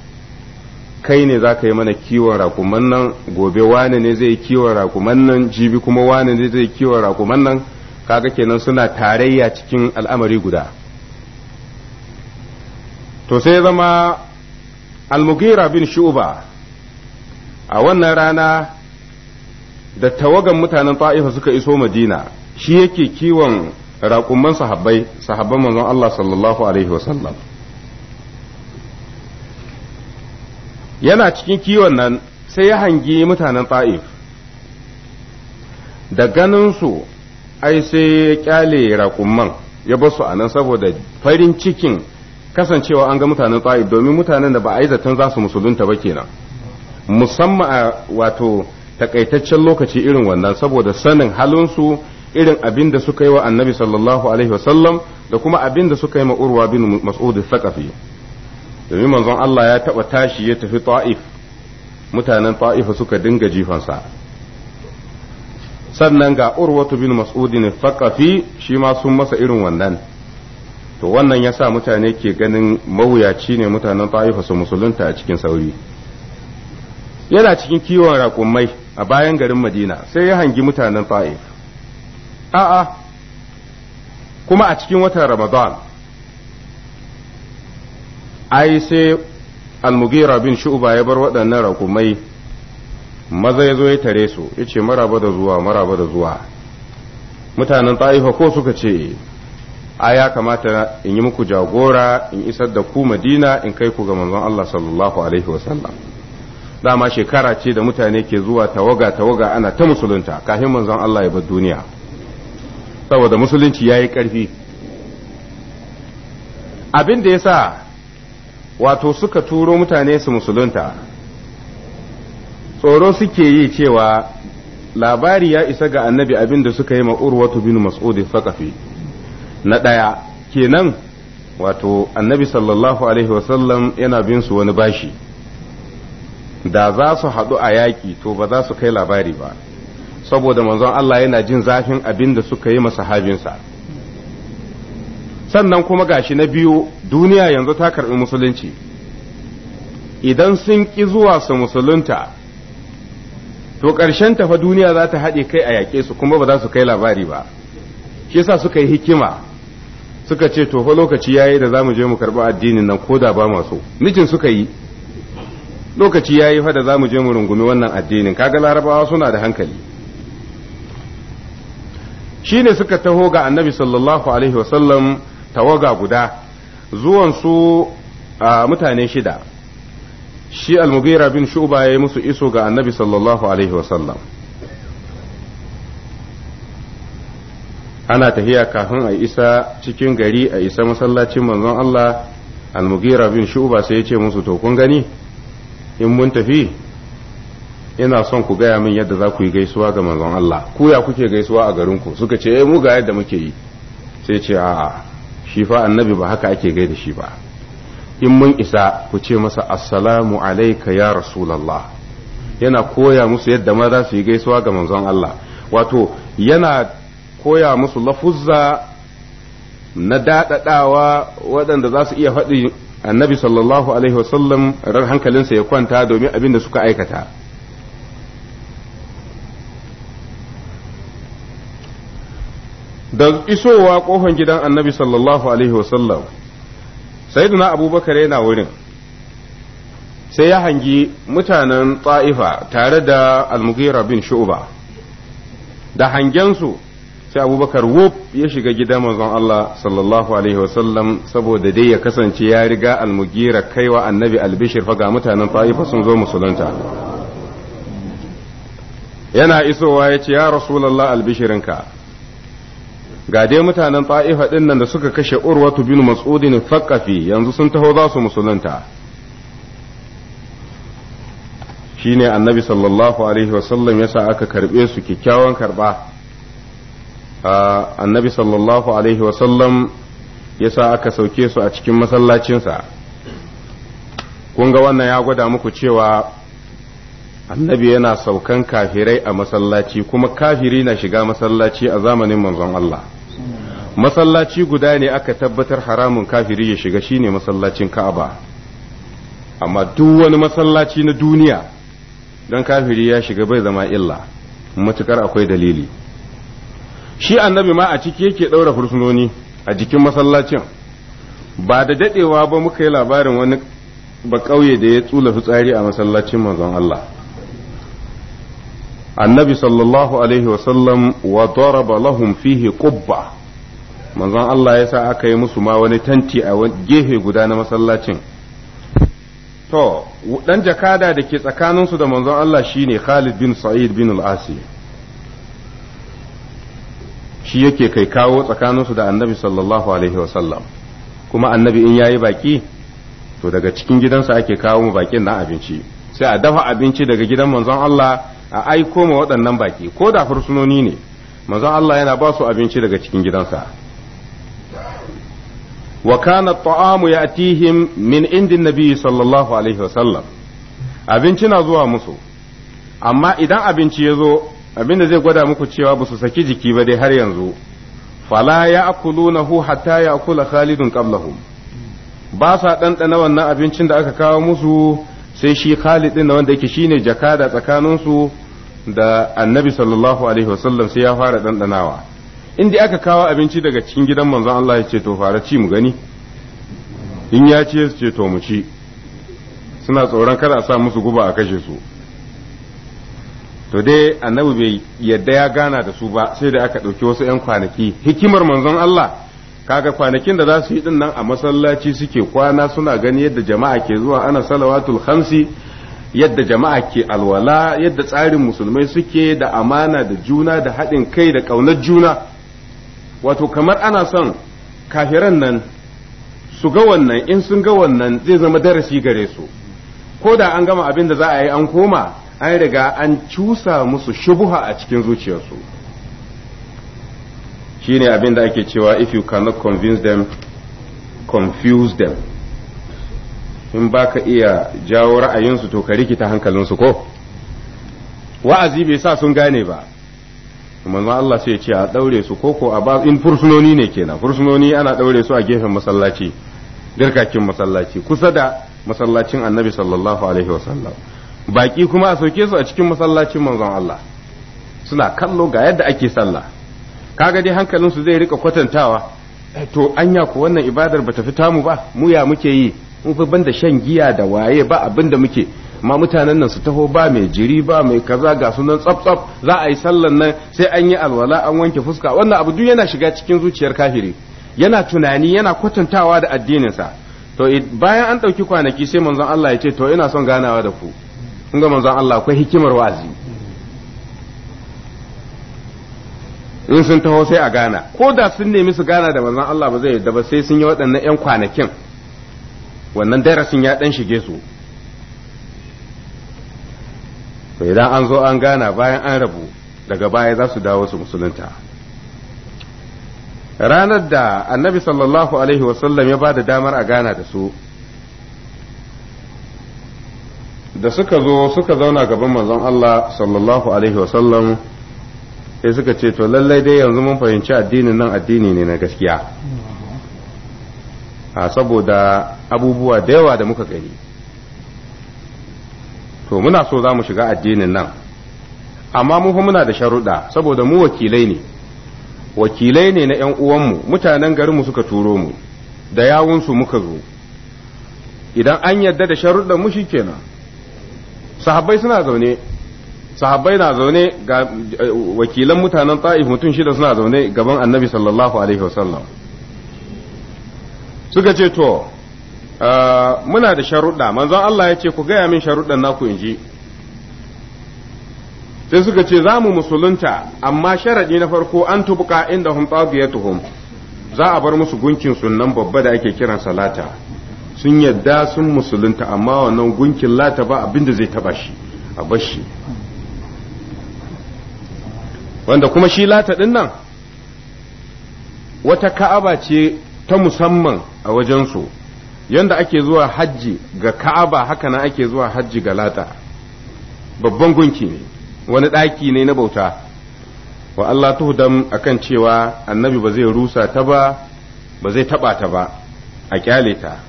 kai ne za ka yi mana kiwon raƙuman nan gobe wane ne zai kiwon raƙuman nan jibi kuma wane ne zai kiwon raƙuman nan kaga kenan suna tarayya cikin al'amari guda to sai zama Almugira bin shu'ba a wannan rana da tawagan mutanen ta'ifa suka iso madina shi yake kiwon raƙumman sahabbai sahabban manzon Allah sallallahu alaihi wasallam yana cikin kiwon nan sai ya hangi mutanen ta'if da ganinsu ai sai ya kyale raƙumman ya basu a nan saboda farin cikin kasancewa an ga mutanen ta'if domin mutanen da ba a yi zaton za su musulunta ba kenan musamman a wato takaitaccen lokaci irin wannan saboda sanin halinsu irin abin da suka yi wa annabi sallallahu alaihi wasallam da kuma abin da suka yi ma'urwa urwa bin mas'udu saqafi domin manzon Allah ya taɓa tashi ya tafi ta'if mutanen ta'ifa suka dinga jifansa sannan ga urwatu bin ne faqafi shi ma sun masa irin wannan to wannan ya sa mutane ke ganin mawuyaci ne mutanen ta'ifa su musulunta a cikin sauri yana cikin kiwon raƙumai a bayan garin madina sai ya hangi mutanen ta'if a'a kuma a cikin watan ramadan ai sai almugira bin shu'ba ya bar waɗannan raƙumai maza ya zo ya tare su ya ce maraba da zuwa maraba da zuwa mutanen ta'ifa ko suka ce a ya kamata in yi muku jagora in isar da ku madina in kai ku ga manzon Allah sallallahu alaihi wasallam dama shekara ce da mutane ke zuwa tawaga tawaga ana ta musulunta kafin manzon Allah ya bar duniya saboda musulunci ya yi ƙarfi abin da ya sa wato suka turo mutane su musulunta tsoro suke yi cewa labari ya isa ga annabi abin da suka yi ma urwatu bin mas'udi fi. na ɗaya kenan wato annabi sallallahu alaihi wasallam yana bin su wani bashi da za su haɗu a yaƙi to ba za su kai labari ba saboda manzon Allah yana jin zafin abin da suka yi masahabinsa sannan kuma gashi na biyu duniya yanzu ta karɓi musulunci idan sun ƙi zuwa su musulunta to ƙarshen tafa duniya za ta haɗe kai a yaƙe su kuma ba za su kai labari ba shi yasa suka yi hikima suka ce to fa lokaci yayi da zamu je mu karba addinin nan ko da ba ma mijin suka yi lokaci yayi fa da zamu je mu rungumi wannan addinin kaga larabawa suna da hankali shine suka taho ga annabi sallallahu alaihi wasallam tawaga guda zuwan su a mutane shida shi al-mughira bin shu'ba ya yi musu iso ga annabi sallallahu alaihi wasallam ana tahiya kafin a isa cikin gari a isa masallacin manzon Allah almugira bin shuba sai ya ce musu to kun gani in mun tafi ina son ku gaya min yadda za ku yi gaisuwa ga manzon Allah ku ya kuke gaisuwa a garin ku suka ce eh mu ga yadda muke yi sai ce a'a shi fa annabi ba haka ake gaida shi ba in mun isa ku ce masa assalamu alayka ya rasulullah yana koya musu yadda ma za su yi gaisuwa ga manzon Allah wato yana koya musu lafuzza na daɗaɗawa waɗanda za su iya faɗi annabi sallallahu alaihi wasallam ran hankalinsa ya kwanta domin abin da suka aikata da isowa ƙofan gidan annabi sallallahu alaihi wasallam sayyiduna abubakar yana wurin sai ya hangi mutanen ta'ifa tare da almugira bin shu'ba da hangensu sai abubakar wuf ya shiga gidan manzon Allah sallallahu alaihi wasallam saboda dai ya kasance ya riga almugira kaiwa annabi albishir fa ga mutanen ta'ifa sun zo musulunta yana isowa ya ce ya rasulallah albishirinka ga dai mutanen ta'ifa din nan da suka kashe urwatu bin mas'udin thaqafi yanzu sun taho za su musulunta shine annabi sallallahu alaihi wasallam yasa aka karbe su kikkiawan karba annabi sallallahu alaihi wasallam ya sa aka sauke su a cikin masallacinsa kun ga wannan ya gwada muku cewa annabi yana saukan kafirai a masallaci kuma kafiri na shiga masallaci a zamanin manzon Allah masallaci guda ne aka tabbatar haramun kafiri ya shiga shine masallacin Ka'aba amma duk wani masallaci na duniya don kafiri ya shiga bai zama illa matukar akwai dalili shi annabi ma a ciki yake ɗaura fursunoni a jikin masallacin ba da daɗewa ba muka yi labarin wani ba ƙauye da ya tsula tsari a masallacin manzon Allah annabi sallallahu alaihi wasallam wa daraba lahum fihi qubba manzon Allah ya sa aka yi musu ma wani tanti a gefe guda na masallacin to dan jakada da ke tsakaninsu da manzon Allah shine Khalid bin Sa'id bin al-Asi shi yake kai kawo tsakaninsu da annabi sallallahu alaihi wasallam kuma annabi in yayi baki to daga cikin gidansa ake kawo mu bakin na abinci sai a dafa abinci daga gidan manzon Allah a aiko ma waɗannan baki ko da fursunoni ne manzon Allah yana ba su abinci daga cikin gidansa wa kana at-ta'amu ya'tihim min indin nabiyyi sallallahu alaihi wasallam abinci na zuwa musu amma idan abinci ya zo abin da zai gwada muku cewa ba su saki jiki ba dai har yanzu fala ya akulunahu hatta ya akula khalidun qablahum ba sa ɗanɗana wannan abincin da aka kawo musu sai shi khalid na wanda yake shine jakada tsakaninsu da annabi sallallahu alaihi wasallam sai ya fara ɗanɗanawa inda aka kawo abinci daga cikin gidan manzon Allah ya ce to fara ci mu gani in ya ce su ce to mu ci suna tsoron kada a sa musu guba a kashe su to dai annabi bai yadda ya gana da su ba sai da aka ɗauki wasu 'yan kwanaki hikimar manzon Allah kaga kwanakin da za su yi din nan a masallaci suke kwana suna gani yadda jama'a ke zuwa ana salawatul khamsi yadda jama'a ke alwala yadda tsarin musulmai suke da amana da juna da haɗin kai da ƙaunar juna wato kamar ana son kafiran nan su ga wannan in sun ga wannan zai zama darasi gare su ko da an gama abin da za a yi an koma an riga an cusa musu shubuha a cikin zuciyarsu Shi ne abin da ake cewa if you cannot convince them confuse them in ba ka iya jawo ra'ayinsu to ka rikita hankalinsu ko wa'azi bai sa sun gane ba manzo Allah sai ya ce a daure su ko ko a ba in fursunoni ne kenan fursunoni ana daure su a gefen masallaci dirkakin masallaci kusa da masallacin annabi sallallahu alaihi wasallam baƙi kuma a sauke su a cikin masallacin manzon Allah suna kallo ga yadda ake sallah kaga dai hankalin su zai rika kwatantawa eh, to anya ku wannan ibadar bata fi tamu ba mu ya muke yi mun fi banda shan giya da waye ba abin da muke ma mutanen nan su taho ba mai jiri ba mai kaza ga sunan tsaf tsaf za a yi sallan nan sai an yi alwala an wanke fuska wannan abu duk yana shiga cikin zuciyar kafiri yana tunani yana kwatantawa da addininsa to bayan an ɗauki kwanaki sai manzon Allah ya ce to ina son ganawa da ku kun ga manzon Allah akwai hikimar wa'azi in sun taho sai a gana ko da sun nemi su gana da manzan Allah ba zai yadda ba sai sun yi waɗannan 'yan kwanakin wannan darasin ya ɗan shige su idan an zo an gana bayan an rabu daga baya za su dawo su musulunta ranar da annabi sallallahu alaihi wasallam ya ba da damar a gana da su da suka zo suka zauna gaban manzon Allah sallallahu alaihi wasallam sai suka ce to lallai dai yanzu mun fahimci addinin nan addini ne na gaskiya a saboda abubuwa da yawa da muka gani to muna so za mu shiga addinin nan amma mu fa muna da sharuɗa saboda mu wakilai ne wakilai ne na 'yan uwanmu mutanen garin mu suka turo mu da yawunsu muka zo idan an yarda da sharuɗan mu kenan. sahabbai suna zaune sahabbai na zaune ga wakilan mutanen ta'if mutum shida suna zaune gaban annabi sallallahu alaihi wasallam suka ce to muna da sharuɗa manzon Allah ya ce ku gaya min sharuɗan naku in ji sai suka ce za mu musulunta amma sharaɗi na farko an tubuka inda hum tsagiyatuhum za a bar musu gunkin sunan babba da ake kiran salata sun yadda sun musulunta amma wannan gunkin lata ba abinda zai taba shi a bashi wanda kuma shi lata din nan wata ka'aba ce ta musamman a wajen su yanda ake zuwa hajji ga ka'aba haka nan ake zuwa hajji ga lata babban gunki ne wani ɗaki ne na bauta wa Allah tuhdam akan cewa annabi ba zai rusa ta ba ba zai taba ta ba a kyale ta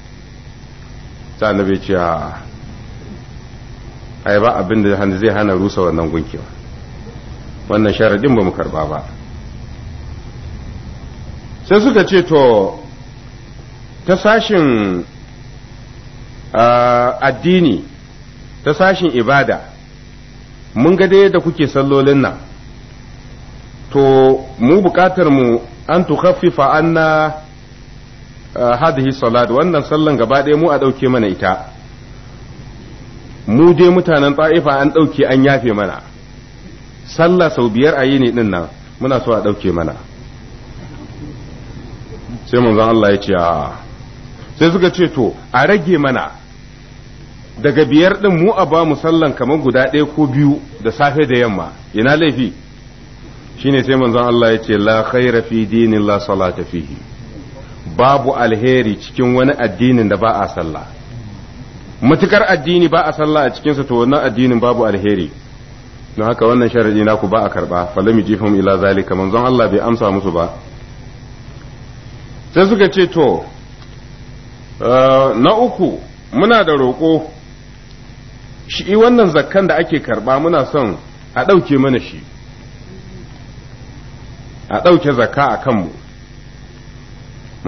sai annabi ce a ai ba abin da zai hana rusa wannan gunkewa wannan sharadin ba mu karba ba sai suka ce to ta sashin addini ta sashin ibada mun ga dai da kuke sallolin nan to mu buƙatar mu an khaffifa anna hadhihi salat wannan sallan gaba ɗaya mu a ɗauke mana ita mu dai mutanen ta'ifa an ɗauke an yafe mana sallah sau biyar a yi ne ɗin nan muna so a ɗauke mana sai manzon Allah ya ce a sai suka ce to a rage mana daga biyar ɗin mu a ba mu sallan kamar guda ɗaya ko biyu da safe da yamma ina laifi shine sai manzon Allah yace ce la khaira fi dinin la salata fihi babu alheri cikin wani addinin da ba a sallah matukar addini ba a sallah a cikinsa to wannan addinin babu alheri don haka wannan sharadi naku ba a karba falami jifin ila zalika manzon Allah bai amsa musu ba sai suka ce to eh, na uku muna da roƙo shi wannan zakkan da ake karba muna son a ɗauke mana shi a ɗauke zakka a kanmu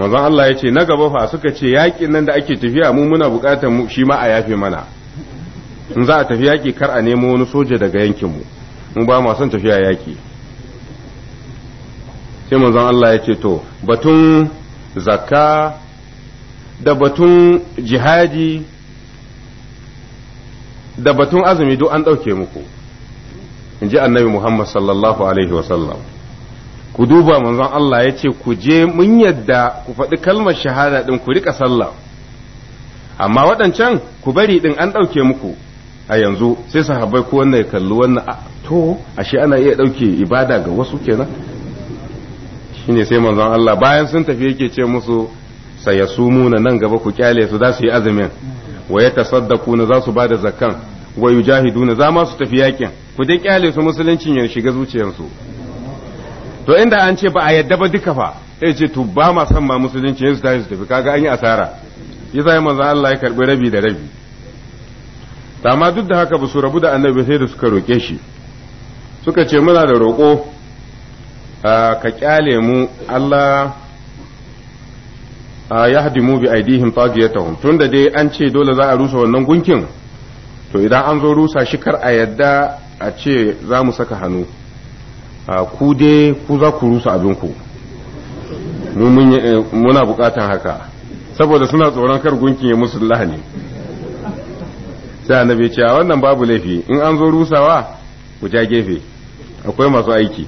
manzon Allah ya ce na gaba fa suka ce yakin nan da ake tafiya mu muna buƙatar shi ma a yafe mana in za a tafi yaki kar a nemo wani soja daga yankin mu mu ba mu son tafiya yaki. sai manzon Allah ya ce to batun zakka da batun jihadi da batun azumi duk an ɗauke muku in ji annabi Muhammad sallallahu alaihi wasallam ku duba manzon Allah ya ce ku je mun yadda ku faɗi kalmar shahada ɗin ku riƙa sallah amma waɗancan ku bari ɗin an ɗauke muku a yanzu sai sahabbai ko wannan ya kalli wannan to ashe ana iya ɗauke ibada ga wasu kenan shine sai manzon Allah bayan sun tafi yake ce musu sumuna nan gaba ku kyale su za su yi azumin wa yatasaddaquna za su bada zakan wa yujahiduna za ma su tafi yakin ku dai kyale su musulunci ya shiga zuciyarsu to inda an ce ba a yadda ba duka fa sai ce to ba ma san ma musulunci yanzu ta su tafi kaga an yi asara ya ya manzo Allah ya karbi rabi da rabi amma duk da haka ba su rabu da annabi sai da suka roke shi suka ce muna da roƙo ka kyale mu Allah ya mu bi aidihim tagiyatahum tunda dai an ce dole za a rusa wannan gunkin to idan an zo rusa shi kar a yadda a ce za mu saka hannu ku dai ku za ku rusa abinku eh, muna bukatan haka saboda suna tsoron kar gunkin ya musu lahani sai annabi ce wannan babu laifi in an zo rusawa ku ja gefe akwai masu aiki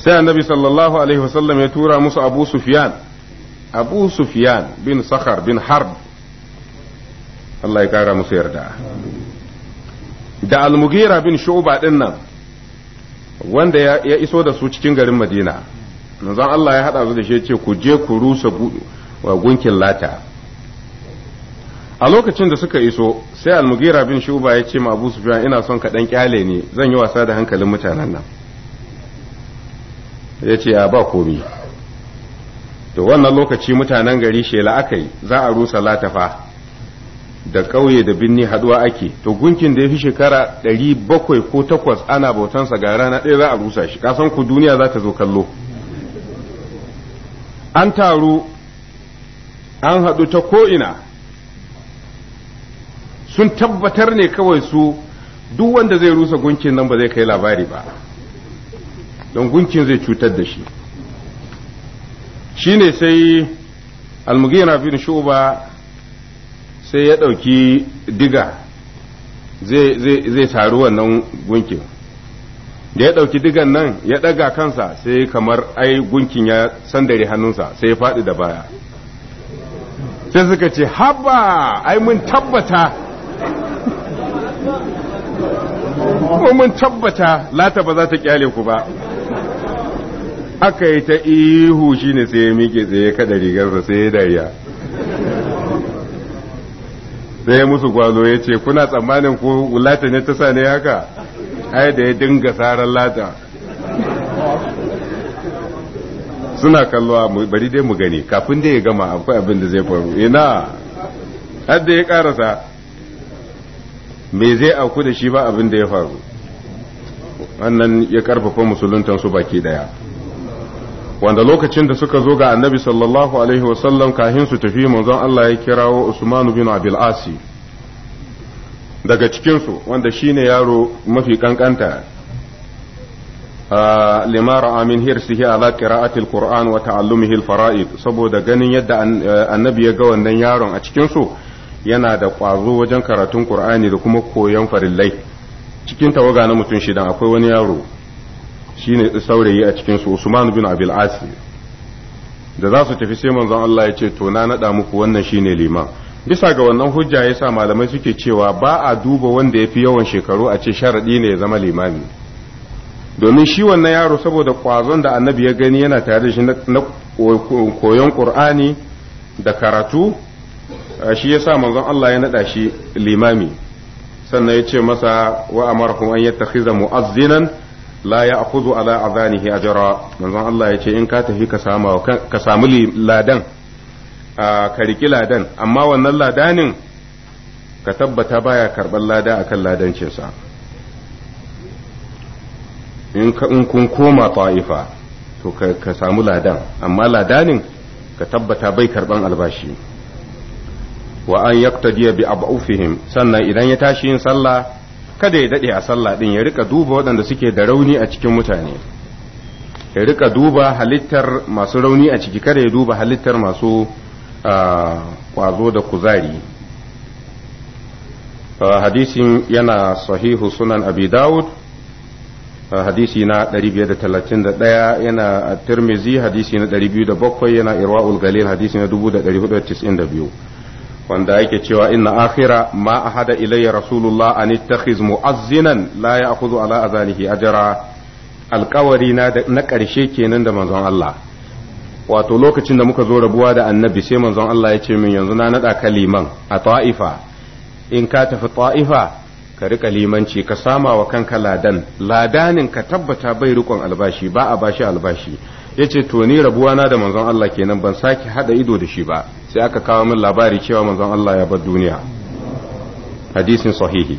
sai annabi sallallahu alaihi wasallam ya tura musu abu sufyan abu sufyan bin sakhar bin harb Allah ya kara musu yarda da almugira bin shu'ba din nan wanda ya iso da su cikin garin madina manzon Allah ya haɗa su da shi ce ku je ku rusa gunkin lata a lokacin da suka iso sai almugira bin shuba ya ce ma abu sufyan ina son ka dan kyale ne zan yi wasa da hankalin mutanen nan ya ce a ba komi to wannan lokaci mutanen gari shela aka yi za a rusa latafa da ƙauye da binni haduwa ake to gunkin da ya fi shekara ɗari bakwai ko takwas ana bautansa ga rana ɗaya za a rusa shi kasan ku duniya za ta zo kallo an taru an haɗu ta ko'ina sun tabbatar ne kawai su duk wanda zai rusa gunkin nan ba zai kai labari ba don gunkin zai cutar da shi Shi ne sai almugira bin shuba sai ya ɗauki diga zai taru wannan gunkin da ya ɗauki digan nan ya ɗaga kansa sai kamar ai gunkin ya sandare hannunsa sai ya faɗi da baya sai suka ce haba ai mun tabbata mun tabbata lata ba za ta kyale ku ba aka yi ta ihu shine sai ya miƙe tsaye kada rigarsa sai ya dariya sai musu gwazo ya ce kuna tsammanin ko lata ne ta sa ne haka ai da ya dinga tsarar lata suna kallo bari dai mu gani kafin dai ya gama akwai abin da zai faru ina har ya karasa mai zai auku da shi ba abin da ya faru wannan ya karfafa su baki daya wanda lokacin da suka zo ga annabi sallallahu alaihi wasallam kahin su tafi manzon Allah ya kirawo Usman bin Abil Asi daga cikinsu wanda shine yaro mafi kankanta ah, lima ra'a min hirsihi ala qira'ati alquran wa ta'allumihi alfara'id saboda ganin yadda eh, annabi ya ga wannan yaron a cikinsu yana da ƙwazo wajen karatun qur'ani da kuma koyon farillai cikin tawaga na mutum shidan akwai wani yaro shi ne saurayi a cikin su Usman bin Abil da za su tafi sai manzon Allah ya ce to na nada muku wannan shine liman bisa ga wannan hujja ya sa malamai suke cewa ba a duba wanda ya fi yawan shekaru a ce sharadi ne ya zama limami domin shi wannan yaro saboda kwazon da annabi ya gani yana tare da shi na koyon qur'ani da karatu shi ya sa manzon Allah ya nada shi limami sannan ya ce masa wa amarkum an yattakhiza mu'azzinan la ya akhudhu ala adhanihi ajra manzon Allah yace in ka tafi ka samu ka samu ladan ka riki ladan amma wannan ladanin ka tabbata baya karban lada akan ladancinsa in kun koma ta'ifa to ka samu ladan amma ladanin ka tabbata bai karban albashi wa an yaktajiya bi ab'ufihim sannan idan ya tashi yin sallah kada ya daɗe a sallah ɗin ya rika duba waɗanda suke da rauni a cikin mutane ya rika duba halittar masu rauni a ciki kada ya duba halittar masu kwazo da kuzari hadisin yana sahihu sunan abi dawud hadisi na 531 yana a tirmizi hadisi na 207 yana Irwa galil hadisi na 1492 wanda yake cewa inna akhira ma ahada ilayya rasulullah an ittakhiz mu'azzinan la ya'khudhu ala azanihi ajra alkawari na na karshe kenan da manzon Allah wato lokacin da muka zo rabuwa da annabi sai manzon Allah ya ce min yanzu na nada kaliman a ta'ifa in ka tafi ta'ifa ka rika limanci ka sama wa kanka ladan ladanin ka tabbata bai rikon albashi ba a bashi albashi yace to ni rabuwa na da manzon Allah kenan ban sake hada ido da shi ba sai aka kawo min labari cewa manzon Allah ya bar duniya hadisin sahihi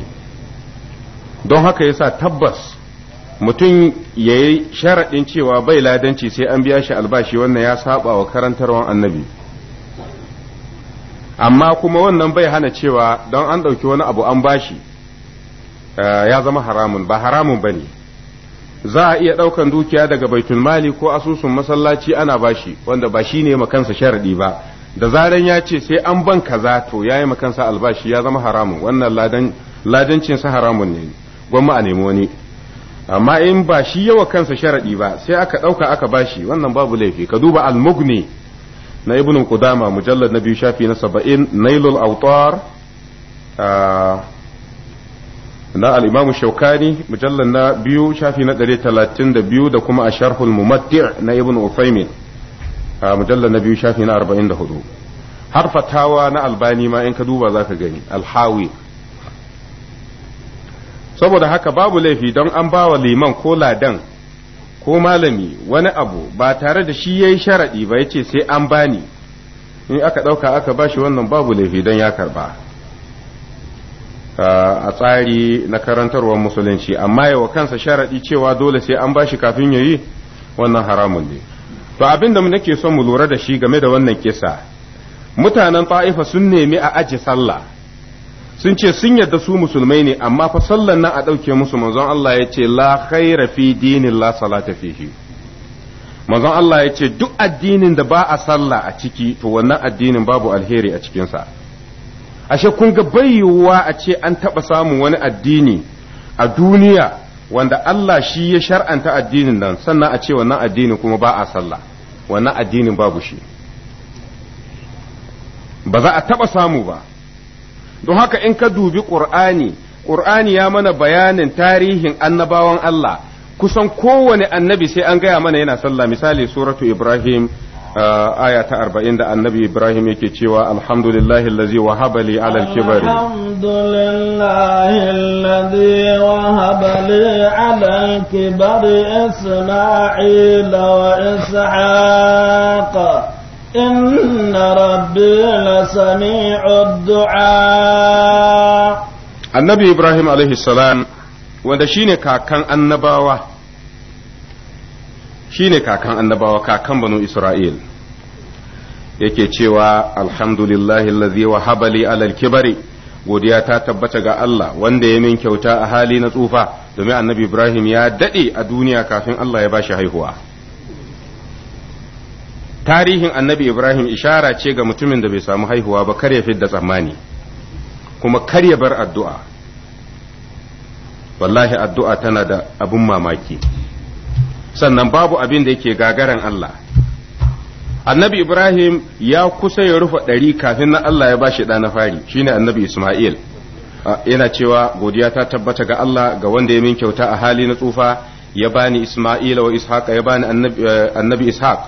don haka yasa tabbas mutum ya yi sharaɗin cewa bai ladanci sai an biya shi albashi wannan ya saba wa karantarwan annabi amma kuma wannan bai hana cewa don an ɗauki wani abu an bashi eh, ya zama haramun ba haramun ba ne za a iya ɗaukan dukiya daga baitul mali ko asusun masallaci ana bashi wanda ba shine makansa sharadi ba da zaran ya ce sai an ban kaza to yayi makansa albashi ya zama haramun wannan ladan ladancin sa haramun ne gwamma a nemi wani amma in ba shi yawa kansa sharadi ba sai aka ɗauka aka bashi wannan babu laifi ka duba almugni na ibn qudama mujallad na biyu shafi na 70 nailul awtar ah, na al'imamu shaukani mujallar na biyu shafi na ɗari talatin da biyu da kuma a sharhul mumatti na ibn ufaimin a mujallar na biyu shafi na arba'in da hudu har fatawa na albani ma in ka duba za ka gani alhawi saboda haka babu laifi don an ba wa liman ko ladan ko malami wani abu ba tare da shi ya yi sharaɗi ba ya ce sai an bani in aka ɗauka aka ba shi wannan babu laifi don ya karba Eh, a tsari na karantarwar musulunci amma yawa kansa sharaɗi cewa dole sai an ba shi kafin ya yi wannan haramun ne to abin da nake son mu lura da shi game da wannan kisa mutanen ta'ifa sun nemi a aji sallah sun ce sun yarda su musulmai ne amma fa sallan nan a ɗauke musu manzon Allah ya ce la khaira fi dinin la salata fihi manzon Allah ya ce duk addinin da ba a sallah a ciki to wannan addinin babu alheri a cikinsa ashe kun ga bayyuwa a ce an taɓa samun wani addini a duniya wanda Allah shi ya shar'anta addinin nan sannan a ce wannan addini kuma ba a sallah wannan addinin babu shi ba za a taɓa samu ba don haka in ka dubi ƙur'ani ƙur'ani ya mana bayanin tarihin annabawan Allah kusan kowane annabi sai an gaya mana yana sallah misali suratu Ibrahim aya ta arba'in da annabi Ibrahim yake cewa alhamdulillahi lazi wa habali alal kibari. Alhamdulillahi lazi wa habali alal kibari Isma'ila wa Ishaqa. Inna rabbi lasami'ud du'a. Annabi Ibrahim alaihi salam wanda shine kakan annabawa Shi ne kakan annabawa kakan banu Isra'il yake cewa alhamdulillahi allazi wa habali alal kibari godiya ta tabbata ga Allah wanda ya min kyauta a hali na tsufa domin annabi Ibrahim ya daɗe a duniya kafin Allah ya bashi haihuwa tarihin annabi Ibrahim ishara ce ga mutumin da bai samu haihuwa ba kar ya fidda tsammani kuma kar ya bar addu'a wallahi addu'a tana da abun mamaki sannan babu abin da yake gagaran Allah annabi Ibrahim ya kusa ya rufe ɗari kafin na Allah ya shi ɗa na fari shine annabi Ismail yana cewa godiya ta tabbata ga Allah ga wanda ya min kyauta a hali na tsufa ya bani Isma'il wa Ishaq ya bani eh, annabi Ishaq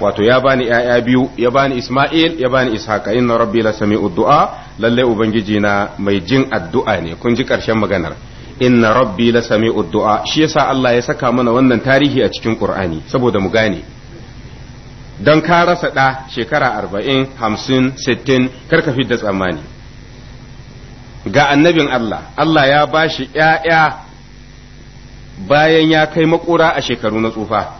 wato ya bani ‘ya'ya biyu ya bani Isma'il ya bani Ishaq inna rabbi la du'a lallai ubangiji na mai jin addu'a ne kun ji ƙarshen maganar inna rabbi la sami'ud du'a shi yasa Allah ya saka mana wannan tarihi a cikin Qur'ani saboda mu gane dan ka rasa da shekara arba'in hamsin sittin karka fi da tsammani ga annabin Allah Allah ya bashi ‘ya'ya bayan ya kai makura a shekaru na tsufa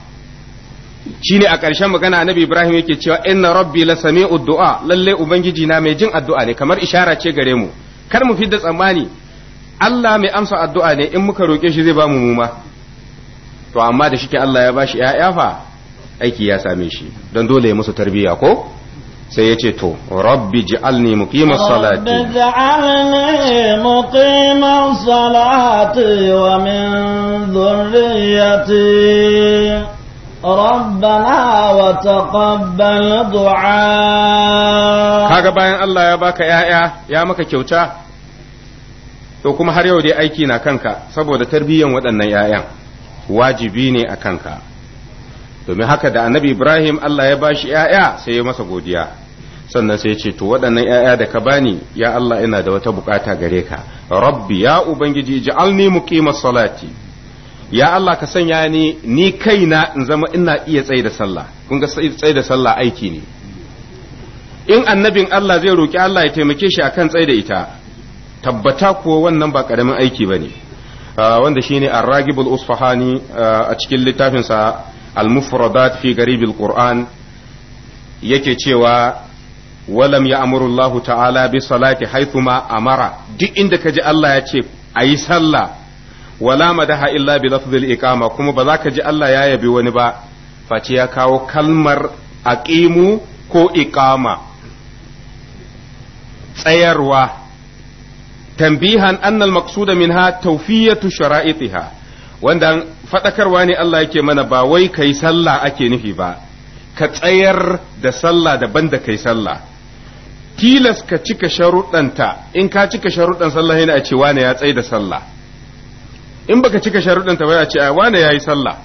shine a ƙarshen magana annabi Ibrahim yake cewa inna rabbi la sami'ud du'a lalle ubangiji na mai jin addu'a ne kamar ishara ce gare mu kar mu fi da tsammani Allah mai amsa addu'a ne in muka roƙe shi zai ba mu muma to amma da shike Allah ya ba shi ‘ya'ya fa aiki ya same shi don dole ya musu tarbiyya ko sai ya ce to rabbi ji'alni muqimas salati rabbi ji'alni muqimas salati wa min dhurriyyati ربنا وتقبل دعاء kaga bayan Allah ya baka yaya ya maka kyauta to kuma har yau dai aiki na kanka saboda tarbiyyan waɗannan 'ya'yan wajibi ne a kanka domin haka da annabi ibrahim allah ya ba shi 'ya'ya sai ya masa godiya sannan sai ce to waɗannan 'ya'ya da ka bani ya allah ina da wata bukata gare ka rabbi ya ubangiji ja'alni muqimas salati ya allah ka sanya ni ni kaina in zama ina iya tsaye da sallah kun ga tsaye da sallah aiki ne in annabin allah zai roki allah ya taimake shi akan tsaye da ita tabbata kuwa wannan ba karamin aiki ba ne ah, wanda shine arragibul ragibul usfahani ah, a cikin littafinsa al-mufradat fi garibil qur'an yake cewa walam ya amurullahu ta'ala bi salati ma amara duk inda ka ji Allah ya ce ayi sallah wala madaha illa bi lafzil iqama kuma ba za ka ji Allah ya yabi wani ba face ya kawo kalmar aqimu ko iqama tsayarwa tambihan annal maqsuda minha tawfiyatu shara'itiha wanda fadakarwa ne Allah yake mana ba wai kai sallah ake nufi ba ka tsayar da sallah daban da kai sallah tilas ka cika sharuɗanta in ka cika sharuɗan sallah yana a ce wane ya tsaye da sallah in baka cika sharuɗanta ba ya ce ya yi sallah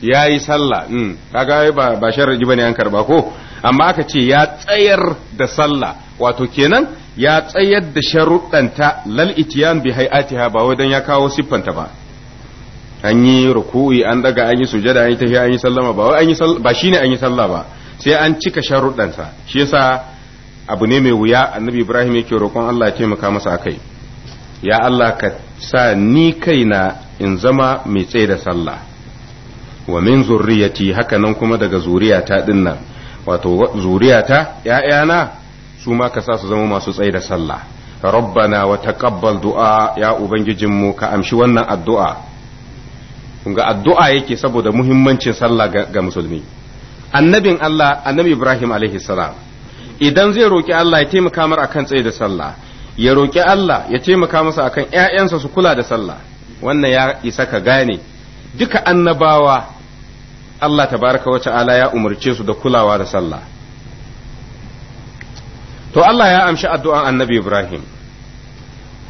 ya yi sallah hmm. kaga ba ba sharadi an karba ko amma aka ce ya tsayar da sallah wato kenan ya tsayar da sharuɗanta lal itiyan bi hay'atiha ba wai ya kawo siffanta ba an yi ruku'i an daga an yi sujada an yi tafiya an yi sallama ba wai an yi ba shine an yi sallah ba sai an cika sharuɗansa shi yasa abu ne mai wuya annabi ibrahim yake roƙon Allah ya taimaka masa akai ya Allah ka sa ni kaina in zama mai tsaye da sallah wa min zurriyati haka nan kuma daga zuriyata dinnan wato zuriyata ‘ya'yana su ma ka sa su zama masu tsaye da sallah rabbana wa taqabbal du'a ya ubangijinmu ka amshi wannan addu'a ga addu'a yake saboda muhimmancin sallah ga musulmi annabin Allah annabi Ibrahim alaihi salam idan zai roki Allah ya taimaka mar akan tsaye da sallah ya roki Allah ya taimaka masa akan ƴaƴansa su kula da sallah wannan ya isa ka gane duka annabawa Allah tabaraka wa ta'ala ya umarce su da kulawa da sallah to Allah ya amshi addu'an annabi Ibrahim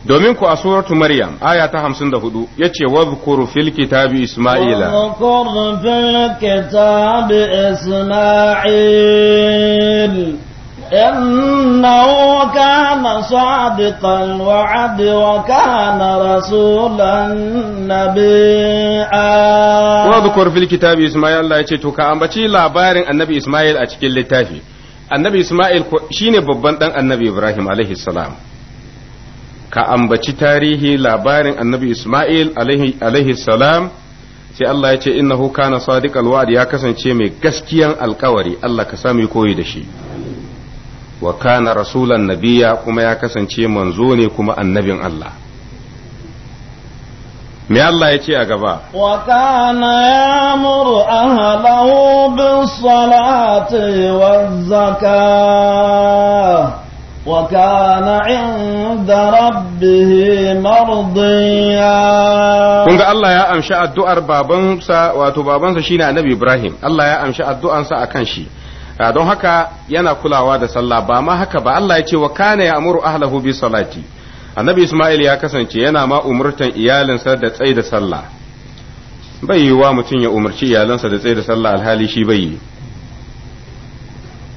domin ku a suratu Maryam aya ta hamsin da hudu ya ce wa zukuru fil kitabi Ismaila wa fil kitabi Ismail إنه كان صادق الوعد وكان رسولا نبيا واذكر في الكتاب إسماعيل الله يتي توكا أمبتي لابارن النبي إسماعيل أتكي للتافي النبي إسماعيل شيني ببان دان النبي إبراهيم عليه السلام ka ambaci tarihi labarin annabi Ismail alaihi salam sai Allah ya ce innahu kana sadiqal wa'd ya kasance mai gaskiyan alkawari Allah ka sami koyi da shi wa kana rasulan nabiya kuma ya kasance manzo ne kuma annabin Allah me Allah ya ce a gaba wa kana ya'muru ahlahu bis salati waz zakah wa kana 'inda rabbih kun ga Allah ya amshi addu'ar babansa wato babansa shine Annabi Ibrahim Allah ya amshi addu'ansa akan shi don haka yana kulawa da sallah ba ma haka ba Allah ya ce wa kana ya amuru ahlahu bi salati annabi Isma'il ya kasance yana ma umurtan iyalinsa da tsaye da sallah bai yi wa mutum ya umarci iyalinsa da tsaye da sallah alhali shi bai yi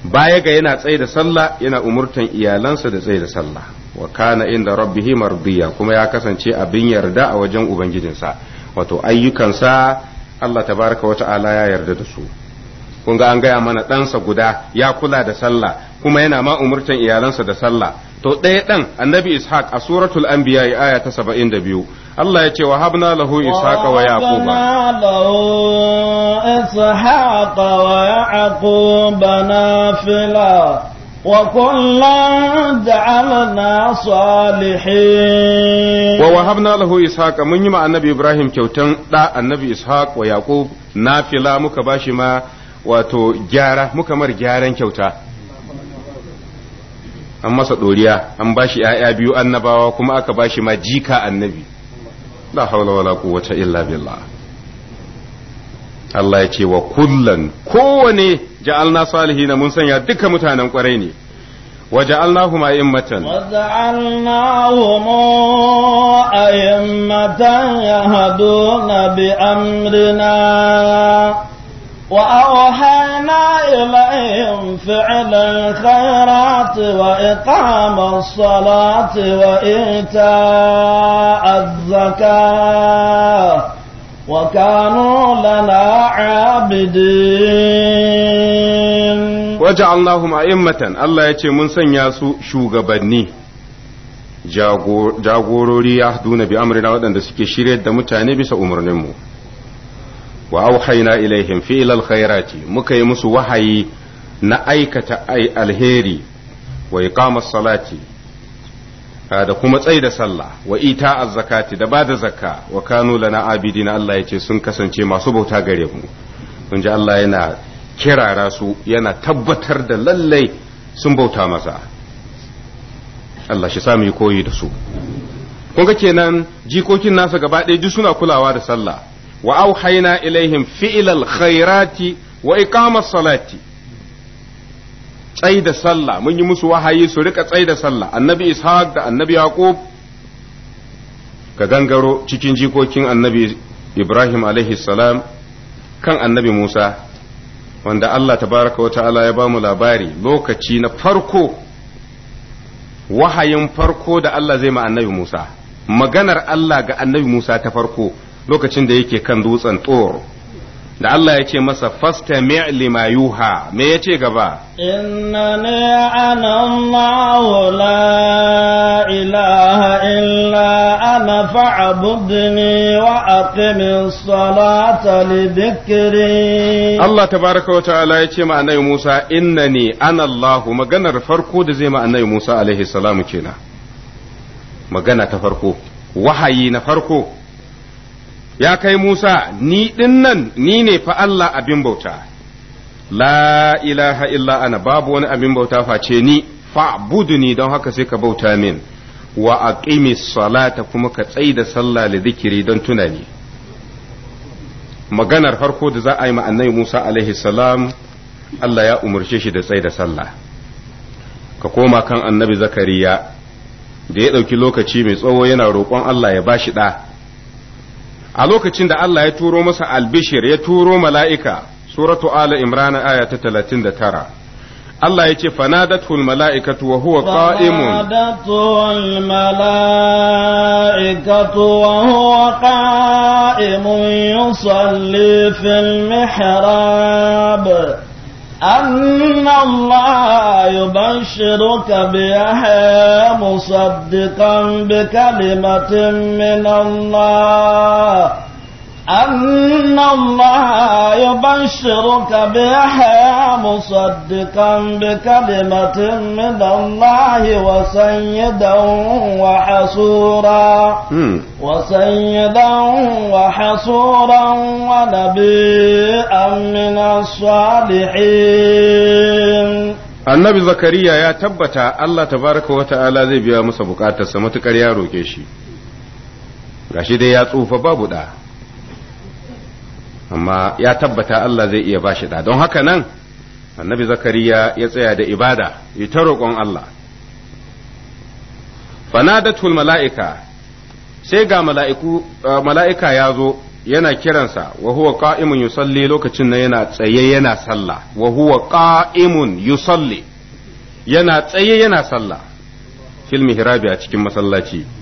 baya ga yana tsaye da sallah yana umurtan iyalansa da tsaye da sallah wa kana inda rabbihi mardiya kuma ya kasance abin yarda a wajen ubangijinsa wato ayyukansa Allah tabaraka wata ala ya yarda da su kun ga an gaya mana ɗansa guda ya kula da sallah kuma yana ma umurtan iyalansa da sallah to ɗaya ɗan annabi ishaq a suratul anbiya aya ta saba'in da biyu Allah ya ce wa habna lahu ishaq wa lahu wa habna nafila وكلا mun yi ma annabi Ibrahim kyautan da annabi إبراهيم wa دا النبي إسحاق muka bashi ma. wato gyara muka mar gyaran kyauta an masa ɗoriya an bashi ‘ya'ya biyu annabawa kuma aka bashi shi ma jika annabi la haula wala quwwata illa billah Allah ya ce wa kullan kowane ja'alna salihina mun sanya duka mutanen kwarai ne wa ja'alnahum a'immatan wa ja'alnahum a'immatan yahduna bi amrina وأوحينا إليهم فعل الخيرات وإقام الصلاة وإيتاء الزكاة وكانوا لنا عابدين وجعلناهم أئمة الله يتي من سنياسو شوغبني jagorori ya duna bi amrina waɗanda suke shirya da mutane bisa umarninmu wa auhayna ilaihim fi ilal khairati muka yi musu wahayi na aikata ai alheri wa iqamas salati da kuma tsai da sallah wa ita az-zakati da bada zakka wa kanu lana abidin Allah yace sun kasance masu bauta gare mu Mun ji Allah yana kirara su yana tabbatar da lallai sun bauta masa Allah shi sami koyi da su kun ga kenan jikokin nasa gaba ɗaya duk suna kulawa da sallah wa auhayna ilaihim fi'ilal khairati wa iqamas salati tsai da sallah mun yi musu wahayi su rika tsai da sallah annabi ishaq da annabi yaqub ka gangaro cikin jikokin annabi ibrahim alaihi salam kan annabi musa wanda allah tabaraka wata'ala ya bamu labari lokaci na farko wahayin farko da allah zai ma annabi musa maganar allah ga annabi musa ta farko lokacin da yake kan dutsen tsoro da Allah ya ce masa fasta ma yuha me ya ce gaba inna ne ana Allah la ilaha illa ana fa'budni wa aqimis salata li dhikri Allah tabaraka wa ta'ala ya ce ma annabi Musa innani ana Allahu maganar farko da zai ma annabi Musa alaihi salamu kenan magana ta farko wahayi na farko ya kai Musa ni nan ni ne fa Allah abin bauta la ilaha illa ana babu wani abin bauta face ni fa ni don haka sai ka bauta min wa aqimis salata kuma ka tsaida sallah da zikiri don tunani maganar farko da za a yi ma Musa alaihi salam Allah ya umarce shi da tsaida sallah ka koma kan annabi Zakariya da ya ɗauki lokaci mai tsawo yana roƙon Allah ya bashi ɗa a lokacin da Allah ya turo masa albishir ya turo mala'ika suratu ala imrana aya ta talatin da tara Allah ya ce fanadatul mala'ikatu wa huwa qa'imun fanadatul mala'ikatu wa huwa qa'imun yusalli fil mihrab أن الله يبشرك بيحيى مصدقا بكلمة من الله أن الله يبشرك بيحيى مصدقا بكلمة من الله وسيدا وحصورا hmm. وسيدا وحصورا ونبيا من الصالحين annabi zakariya ya tabbata Allah tabaraka wa ta'ala zai biya masa bukatarsa matukar ya roke shi gashi dai ya tsufa babu da amma ya tabbata Allah zai iya bashi da don haka nan annabi zakariya ya tsaya da ibada ya ta roƙon Allah fanadatul mala'ika sai ga mala'iku eh, mala'ika ya zo yana kiransa wa huwa qa'imun yusalli lokacin nan yana tsaye yana sallah wa huwa qa'imun yusalli yana tsaye yana sallah fil mihrabi a cikin masallaci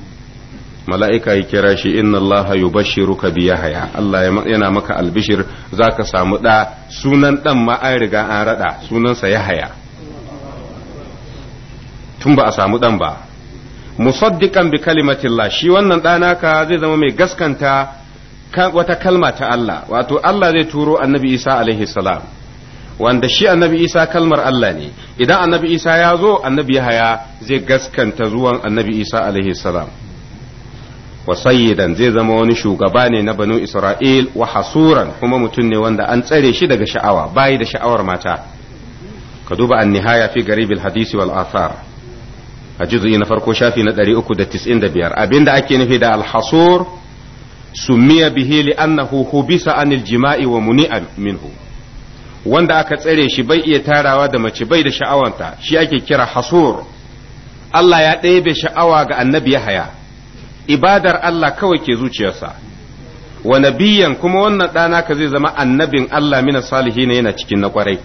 mala'ika ya kira shi inna bashiru ka bi haya Allah yana maka albishir za ka samu da sunan dan ma an riga an raɗa sunansa haya. tun ba a samu ɗan ba musaddiƙan bi kalimatillah shi wannan ɗana ka zai zama mai gaskanta wata kalma ta Allah wato Allah zai turo annabi Isa alaihi salam wanda shi annabi Isa kalmar Allah ne idan annabi Isa ya zo annabi Yahaya zai gaskanta zuwan annabi Isa alaihi salam Wasayyidan zai zama wani shugaba ne na banu isra'il wa hasuran kuma mutum ne wanda an tsare shi daga sha'awa bayi da sha'awar mata ka duba an nihaya fi garibil hadisi wal athar a juz'i na farko shafi na 395 abinda ake nufi da alhasur hasur sumiya bihi li annahu hubisa anil jima'i wa muni'a minhu wanda aka tsare shi bai iya tarawa da mace bai da sha'awanta shi ake kira hasur Allah ya ɗebe sha'awa ga annabi Yahaya ibadar Allah kawai ke zuciyarsa wa nabiyan kuma wannan ɗana ka zai zama annabin Allah mina salihi ne yana cikin na kwarai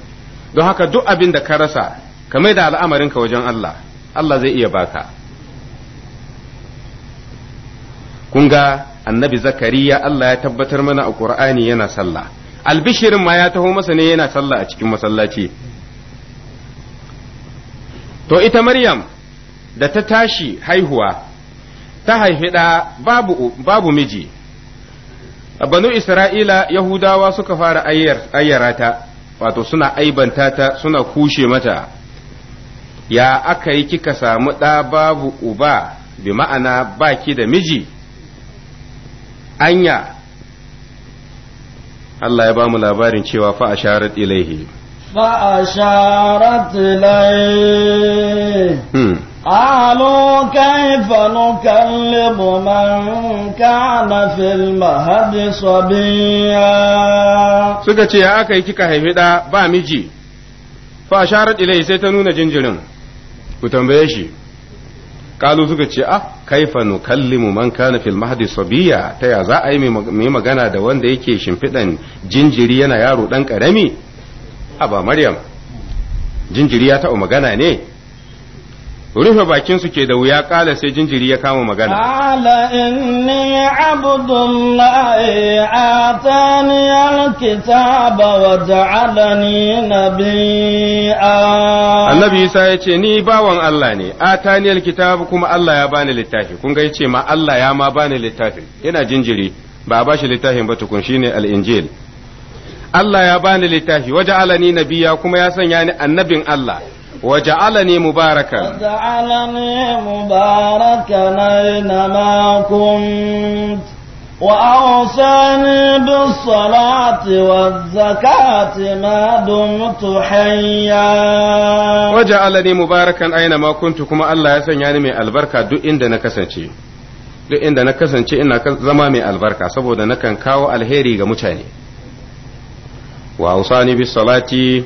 don haka duk abin da ka rasa ka mai da al'amarinka wajen Allah Allah zai iya baka kun ga annabi zakariya Allah ya tabbatar mana a Qur'ani yana sallah albishirin ma ya taho masa ne yana sallah a cikin masallaci to ita Maryam da ta tashi haihuwa ta haifi ɗa babu, babu miji banu isra'ila yahudawa suka fara ayyara ta wato suna aibanta ta suna kushe mata ya aka yi kika samu ɗa babu uba bi ma'ana baki da miji anya Allah ya ba mu labarin cewa fa a sharat ilaihi fa a sharat ilaihi hmm. قالوا كيف نكلم من كان في المهد صبيا suka ce aka yi kika haifi ɗa ba miji fa sharat ilai sai ta nuna jinjirin ku tambaye shi kalu suka ce ah kaifa nukallimu man kana fil mahdi sabiya ta ya za a yi mai magana da wanda yake shimfiɗan jinjiri yana yaro ɗan ƙarami a ba maryam jinjiri ya taɓa magana ne rufe bakin su ke da wuya kala sai jinjiri ya kama magana ala inni abdullahi atani alkitaba wa ja'alani nabiyya annabi isa ya ce ni bawan Allah ne atani alkitab kuma Allah ya bani littafi kun ga yace ma Allah ya ma bani littafi yana jinjiri ba a bashi littafin ba tukun shine al-injil Allah ya bani littafi wa ja'alani nabiyya kuma ya sanya ni annabin Allah وجعلني مباركا وجعلني مباركا أينما كنت وأوصاني بالصلاة والزكاة ما دمت حيا وجعلني مباركا أينما كنت كما الله يسنياني من البركة دو إندنا كسنشي duk inda na kasance ina zama mai albarka saboda nakan kawo alheri ga mutane wa usani bis salati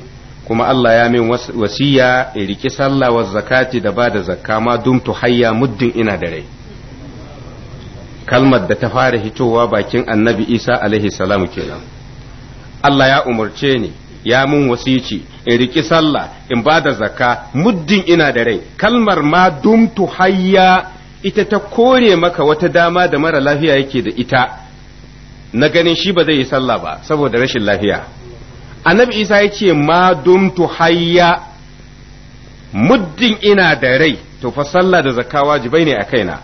kuma Allah ya min wasiya in riki sallah wa zakati da ba da zakka ma dumtu hayya muddin ina da rai kalmar da ta fara hitowa bakin annabi isa alaihi salamu kenan Allah ya umarce ni ya min wasici in riki sallah in ba da zakka muddin ina da rai kalmar ma dumtu hayya ita ta kore maka wata dama da mara lafiya yake da ita na ganin shi ba zai yi sallah ba saboda rashin lafiya annabi isa ya ce ma dumtu hayya muddin ina da rai to fa sallah da zakka wajibai ne a kaina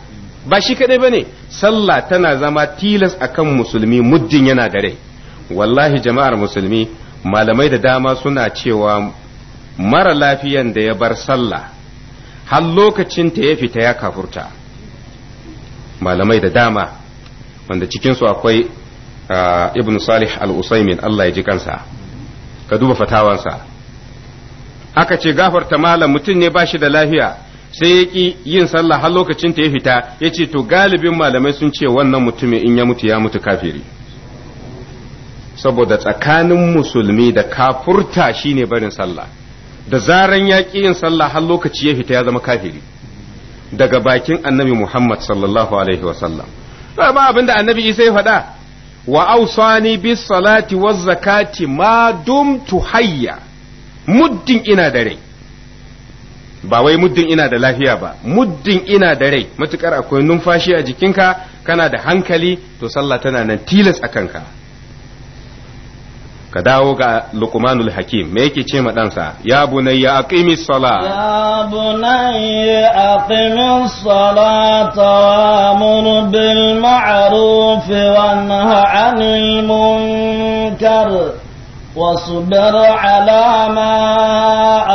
ba shi kadai bane sallah tana zama tilas akan musulmi muddin yana da rai wallahi jama'ar musulmi malamai da dama suna cewa mara lafiyan da ya bar sallah har lokacin ta ya fita ya kafurta malamai da dama wanda cikinsu akwai ah, ibn salih al-usaimin Allah ya ji kansa ka duba fatawansa aka ce gafarta malam mutum ne bashi da lafiya sai ya ki yin sallah har lokacin ta ya fita ya ce to galibin malamai sun ce wannan mutumin in ya mutu ya mutu kafiri saboda tsakanin musulmi da kafurta shine barin sallah da zaran ya ki yin sallah har lokaci ya fita ya zama kafiri daga bakin annabi muhammad sallallahu alaihi wasallam ba abin da annabi isa ya faɗa wa ausani bis salati waz zakati ma dumtu hayya muddin ina da rai ba wai muddin ina da lafiya ba muddin ina da rai matuƙar akwai numfashi a jikinka kana da hankali to sallah tana nan tilas a kanka ka dawo ga luqmanul hakim me yake ce ma dansa. ya bunayya aqimis sala ya bunayya aqimi salata wa amur bil ma'ruf wa nahy 'anil munkar واصبر على ما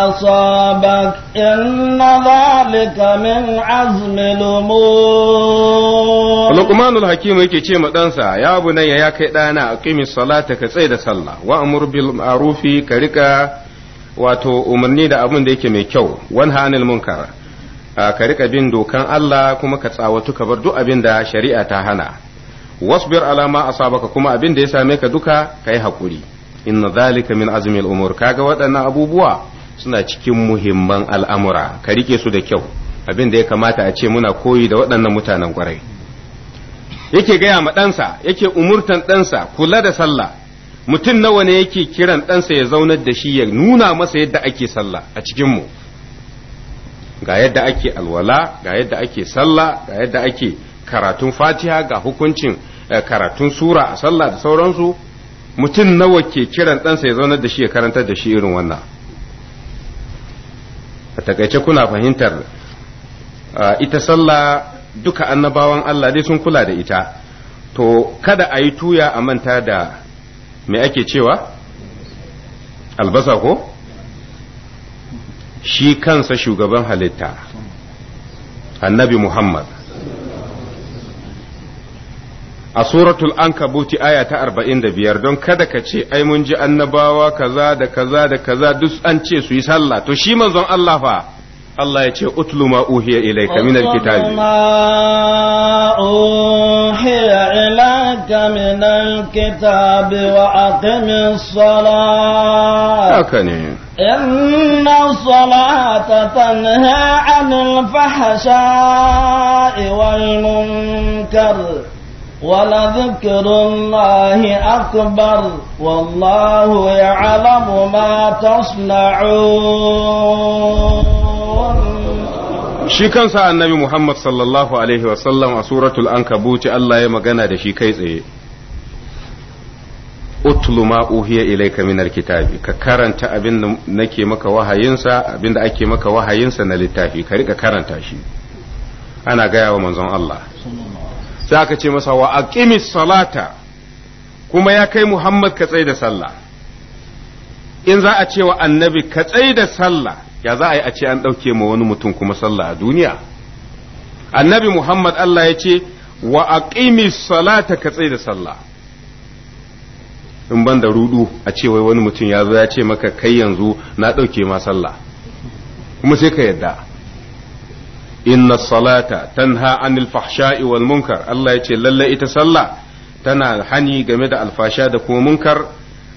أصابك إن ذلك من عزم الأمور لقمان الحكيم yake ce ɗansa ya bunayya ya kai ɗana aqimi salata ka tsaye da sallah wa amur ka wato umarni da abin da yake mai kyau wan hanil munkar ka rika bin dokan Allah kuma ka tsawatu ka bar duk abin da shari'a ta hana wasbir alama asabaka kuma abin da ya same ka duka kai hakuri inna zalika min azmil umur kaga waɗannan abubuwa suna cikin muhimman al'amura ka rike su da kyau abin da ya kamata a ce muna koyi da waɗannan mutanen kwarai yake gaya ma ɗansa yake umurtan ɗansa kula da sallah mutum nawa ne yake kiran ɗansa ya zaunar da shi ya nuna masa yadda ake sallah a cikin mu ga yadda ake alwala ga yadda ake sallah ga yadda ake karatun fatiha ga hukuncin eh, karatun sura a sallah da sauransu mutum nawa ke kiran ɗansa ya zaunar da shi ya karantar da shi irin wannan a takaice kuna fahimtar ita sallah duka annabawan Allah dai sun kula da ita to kada a yi tuya a manta da me ake cewa albasa ko shi kansa shugaban halitta annabi Muhammad a suratul ankabuti aya ta arba'in da biyar don kada ka ce ai mun ji annabawa kaza da kaza da kaza duk an ce su yi sallah to shi manzon Allah fa Allah ya ce utlu ma uhiya ilayka min alkitabi uhiya ilayka min wa aqimis salat haka ne إن الصلاة تنهى عن الفحشاء والمنكر ولذكر الله أكبر والله يعلم ما تصنعون shi kansa annabi Muhammad sallallahu alaihi wasallam a suratul ankabuti Allah ya magana da shi kai tsaye utlu ma uhiya ilayka minal kitabi ka karanta abin da nake maka wahayinsa abin da ake maka wahayinsa na littafi ka rika karanta shi ana gaya wa manzon Allah sai aka ce masa wa aqimis salata kuma ya kai Muhammad ka tsaye da sallah in za a ce wa annabi ka tsaye da sallah ya za a yi a ce an ɗauke ma wani mutum kuma sallah a duniya annabi Muhammad Allah ya ce wa aqimis salata ka tsaye da sallah in ban da rudu a ce wai wani mutum ya zo ya ce maka kai yanzu na ɗauke ma sallah kuma sai ka yadda inna salata tanha anil fahsha'i wal munkar Allah ya ce lalle ita sallah tana hani game da alfasha da kuma munkar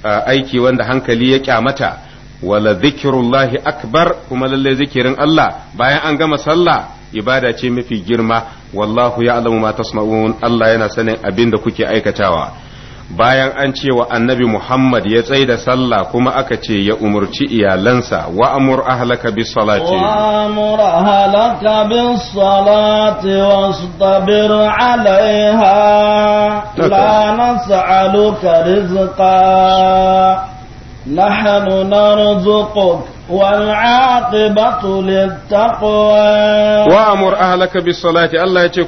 aiki wanda hankali ya kyamata wala zikirullahi akbar kuma lalle zikirin Allah bayan an gama sallah ibada ce mafi girma wallahu ya'lamu ma tasma'un Allah yana sanin abin da kuke aikatawa bayan an ce wa annabi Muhammad ya tsaye da sallah kuma aka ce ya umurci iyalansa wa amur ahlaka bis salati wa amur ahlaka bis salati wastabir alaiha la nas'aluka rizqa nahnu narzuquk والعاقبة للتقوى وأمر أهلك بالصلاة الله يتي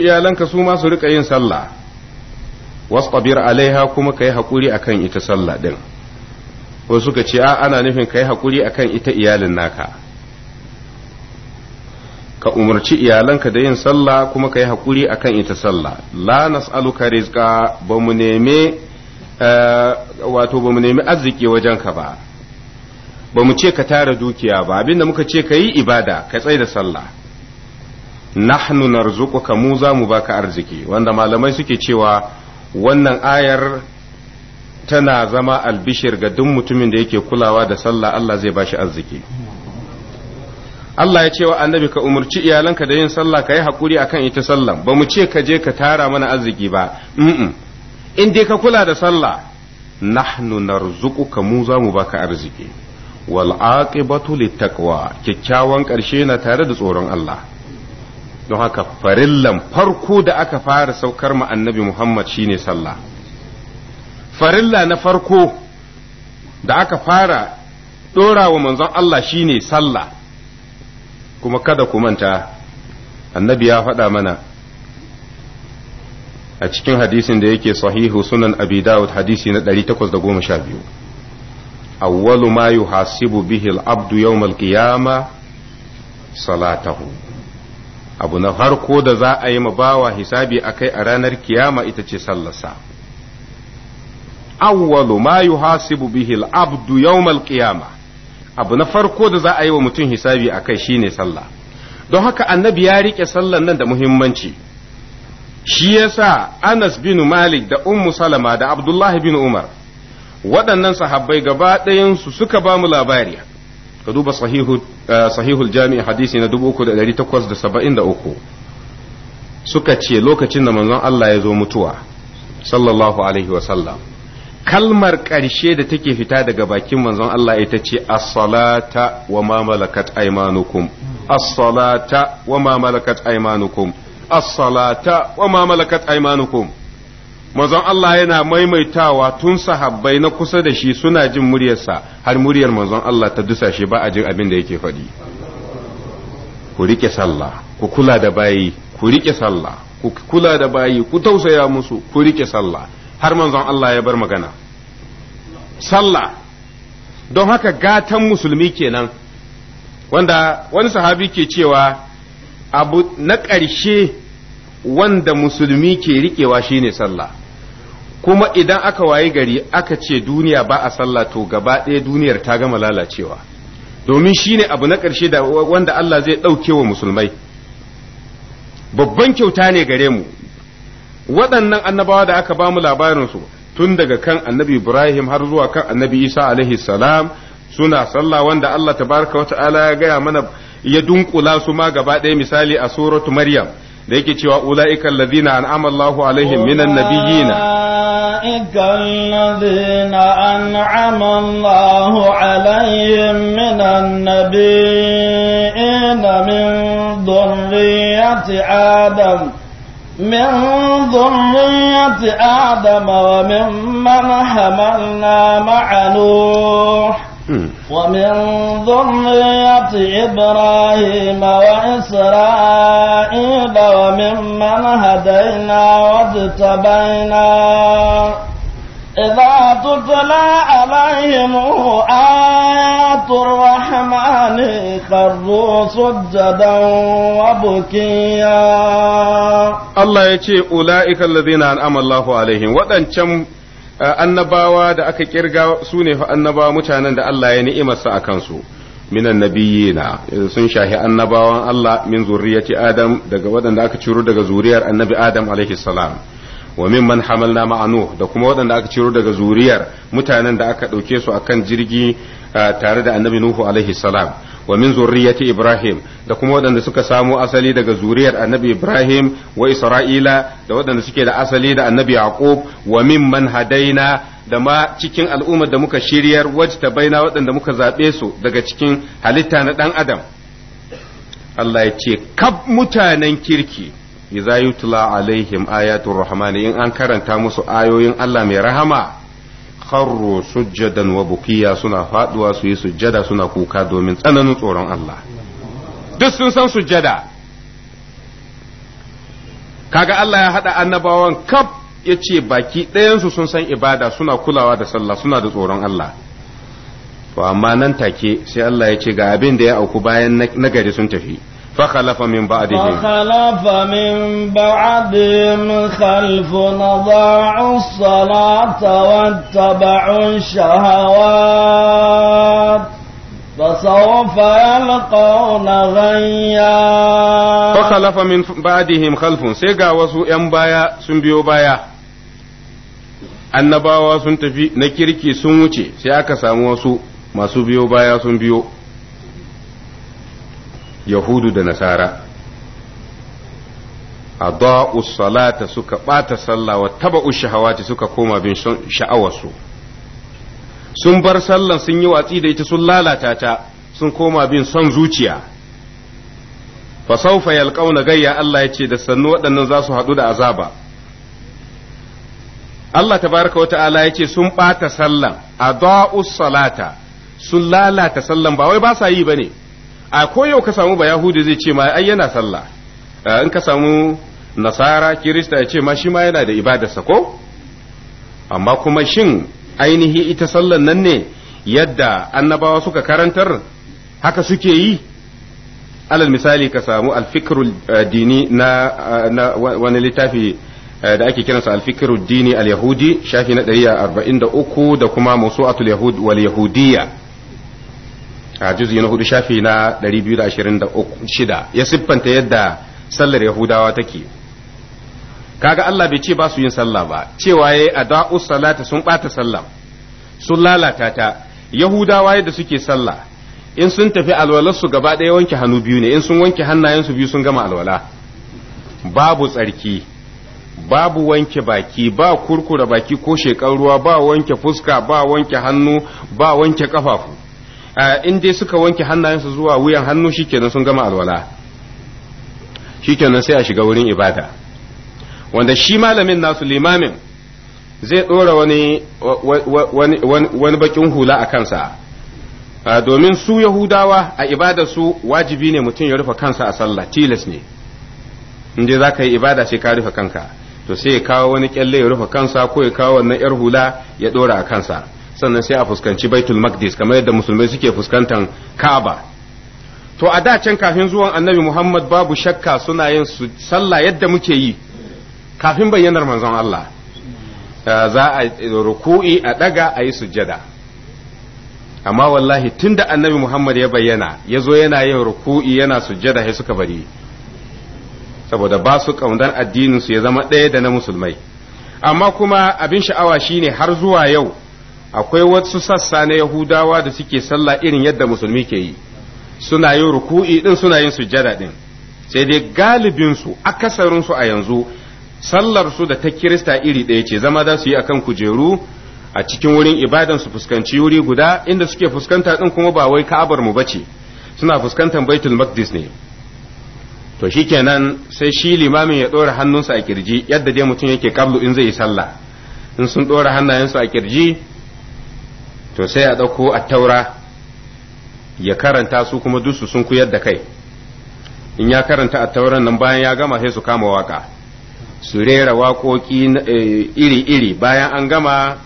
iyalanka su ma سوما سرق أين صلى wastabir alaiha kuma kai hakuri akan ita sallah din ko suka ce a ana nufin kai hakuri akan ita iyalin naka ka umarci iyalanka da yin sallah kuma kai hakuri akan ita sallah la nas'aluka rizqa ba mu neme eh, wato ba mu nemi arziki wajenka ba ba mu ce ka tara dukiya ba abinda muka ce ka yi ibada ka tsai da sallah nahnu narzuquka mu za mu baka arziki wanda malamai suke cewa wannan ayar tana zama albishir ga duk mutumin da yake kulawa da sallah Allah zai bashi arziki Allah ya ce wa annabi ka umarci iyalanka da yin sallah ka yi haƙuri akan ita sallah ba mu ce ka je ka tara mana arziki ba in dai ka kula da sallah nahnu narzuquka mu za mu baka arziki wal aqibatu littaqwa kyakkyawan ƙarshe na tare da tsoron Allah don haka farillan farko da aka fara saukar ma annabi Muhammad shine sallah farilla na farko da aka fara ɗora wa manzon Allah shine sallah kuma kada ku manta annabi ya faɗa mana a cikin hadisin da yake sahihu sunan abi dawud hadisi na 812 awwalu ma yuhasibu bihi al-abdu yawm al-qiyama salatahu abu na farko da za a yi ma bawa hisabi a kai a ranar kiyama ita ce sallarsa awwalu ma yuhasibu bihi al-abdu yawm al abu na farko da za a yi wa mutum hisabi a kai shine sallah don haka annabi ya riƙe sallan nan da muhimmanci shi yasa Anas bin Malik da Ummu Salama da Abdullahi bin Umar waɗannan sahabbai gaba ɗayan su suka ba mu labari ka duba sahihul eh, jami'a hadisi na 3873 suka ce lokacin da manzon Allah ya zo mutuwa sallallahu alaihi wasallam kalmar ƙarshe da take fita daga bakin manzon Allah ita ce as-salata wa ma malakat aymanukum as-salata wa ma malakat aymanukum as-salata wa ma malakat aymanukum manzon Allah yana maimaitawa tun sahabbai na kusa da shi suna jin muryarsa har muryar manzon Allah ta dusashe ba a jin abin da yake faɗi ku riƙe sallah ku kula da bayi ku riƙe sallah ku kula da bayi ku tausaya musu ku riƙe sallah har manzon Allah ya bar magana sallah don haka gatan musulmi kenan wanda wani sahabi ke cewa abu na ƙarshe wanda musulmi ke riƙewa shine sallah kuma idan aka wayi gari aka ce duniya ba a sallah to gaba ɗaya duniyar ta gama lalacewa domin shine abu na ƙarshe da wanda Allah zai ɗauke wa musulmai babban kyauta ne gare mu waɗannan annabawa da aka ba mu su tun daga kan annabi Ibrahim har zuwa kan annabi Isa alaihi salam suna sallah wanda Allah tabaraka wata'ala ya gaya mana ya dunkula su ma gaba ɗaya misali a suratu Maryam da yake cewa ulaikan allazina an'ama Allahu alaihim minan nabiyina ula'ika allazina an'ama Allahu alaihim minan nabiyina min dhurriyyati adam من ذرية آدم وممن حملنا مع نوح ومن ذرية إبراهيم وإسرائيل وممن هدينا واجتبينا إذا تتلى عليهم آيات الرحمن خروا سجدا وبكيا الله يتي أولئك الذين أنعم الله عليهم وأن Eh, annabawa da aka kirga su ne fa annabawa mutanen da Allah ya ni'imarsa a kansu minan nabiyina sun shahi annabawan Allah min zurriyati Adam daga waɗanda aka ciro daga zuriyar annabi Adam alaihi salam wa mimman hamalna ma'anu da kuma waɗanda aka ciro daga zuriyar mutanen da aka ɗauke su akan jirgi eh, tare da annabi Nuhu alaihi salam wa min zurriyati Ibrahim da kuma waɗanda suka samo asali daga zuriyar annabi Ibrahim wa Isra'ila da waɗanda suke da asali da annabi Yaqub wa min man hadaina da ma cikin al'ummar da muka shiryar wajta baina waɗanda muka zaɓe su daga cikin halitta na ɗan adam Allah ya ce kab mutanen kirki idza yutla alaihim ayatul rahmani in an karanta musu ayoyin Allah mai rahama kharru sujjadan wa bukiya suna faduwa su yi sujjada suna kuka domin tsananin tsoron Allah duk sun san sujjada kaga Allah ya hada annabawan kaf yace baki ɗayansu sun san ibada suna kulawa da sallah suna da tsoron Allah to amma nan take sai Allah ya ce ga abin da ya auku bayan nagari sun tafi فخلف من بعدهم فخلف من بعدهم خلف نضاعوا الصلاة واتبعوا الشهوات فسوف يلقون غيا فخلف من بعدهم خلف سيغا وسو ين بايا سن بيو بايا annabawa sun tafi na kirki sun wuce sai aka samu wasu masu biyo baya sun biyo yahudu da nasara adau salata suka ɓata sallah wa taba'u shahawati suka koma bin sha'awarsu sun bar sallan sun yi watsi da ita sun lalata ta sun koma bin son zuciya fa saufa yalqauna gayya Allah ya ce da sannu waɗannan za su haɗu da azaba Allah tabaraka wa ta'ala ya ce sun ɓata sallan adau salata sun lalata sallan ba wai ba sa yi ba ne a koyau ka samu ba yahudi zai ce ma ai yana sallah in ka samu nasara kirista ya ce ma shi ma yana da ibadarsa ko amma kuma shin ainihi ita sallan nan ne yadda annabawa suka karantar haka suke yi alal misali ka samu alfikirul eh, dini na eh, wani littafi eh, da ake kiransa alfikirul dini al-yahudi shafi na 143 da kuma musu'atul yahud wal yahudiyya a juzi na hudu shafi na 226 ya siffanta yadda sallar yahudawa take kaga Allah bai ce ba su yin sallah ba cewa a ada'us salata sun bata sallah sun lalata ta yahudawa yadda suke sallah in sun tafi alwalarsu gaba ɗaya wanke hannu biyu ne in sun wanke hannayensu biyu sun gama alwala babu tsarki babu wanke baki ba kurkura baki ko shekaruwa ruwa ba wanke fuska ba wanke hannu ba wanke ƙafafu Eh, in dai suka wanke hannayensu zuwa wuyan hannu shikenan sun gama alwala shikenan sai a shiga wurin ibada wanda shi malamin nasu limamin zai ɗora wani wani wani bakin hula a kansa eh, domin su yahudawa a su wajibi ne mutum ya rufe kansa a sallah tilas ne in dai za ka yi ibada sai ka rufe kanka to sai ya kawo wani kyalle ya rufe kansa ko ya kawo wannan yar hula ya ɗora a kansa sannan sai a fuskanci baitul maqdis kamar yadda musulmai suke fuskantan ka'aba to a da can kafin zuwan annabi muhammad babu shakka suna yin sallah yadda muke yi kafin bayyanar manzon allah eh, za a ruku'i a daga a yi sujjada amma wallahi tunda annabi muhammad ya bayyana ya zo yana yin ruku'i yana sujjada sai suka bari saboda ba su kaunar addinin su ya zama ɗaya da na musulmai amma kuma abin sha'awa shine har zuwa yau akwai wasu sassa na yahudawa da suke sallah irin yadda musulmi ke yi suna yin ruku'i din suna yin sujjada din sai dai galibin su akasarin su a yanzu sallar su da ta kirista iri ɗaya ce zama za su yi akan kujeru a cikin wurin ibadan su fuskanci wuri guda inda suke fuskanta din kuma ba wai ka'abar mu bace suna fuskantar baitul maqdis ne to shikenan sai shi limamin ya ɗora hannunsa a kirji yadda dai mutum yake kablu in zai yi sallah in sun ɗora hannayensu a kirji to sai a ɗauko a taura ya karanta su kuma dusu sun kuyar da kai in ya karanta a tauran nan bayan ya gama sai su kama waka su rera waƙoƙi eh, iri-iri bayan an gama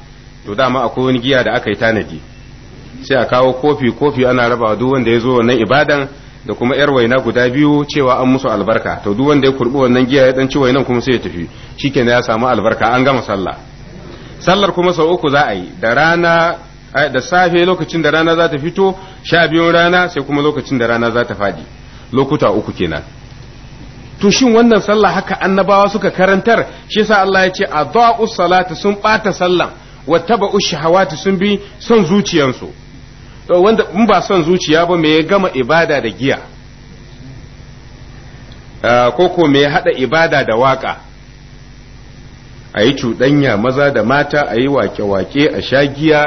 to dama akwai wani giya da aka yi tanadi sai a kawo kofi kofi ana raba duk wanda ya zo wannan ibadan da kuma yar waina guda biyu cewa an musu albarka to duk wanda ya kurbi wannan giya ya dan ci wainan kuma sai ya tafi shikenan ya samu albarka an gama sallah sallar kuma sau uku za a yi da rana Eh, da safe lokacin da rana za ta fito sha biyun rana sai kuma lokacin da rana za ta fadi lokuta uku kenan to shin wannan sallah haka annabawa suka karantar shi yasa Allah ya ce adha'u salata sun bata sallah wa taba shahawati sun bi son zuciyansu to wanda in ba son zuciya ba me ya gama ibada da giya eh, ko ko me ya hada ibada da waka a yi cuɗanya maza da mata a yi wake-wake a sha giya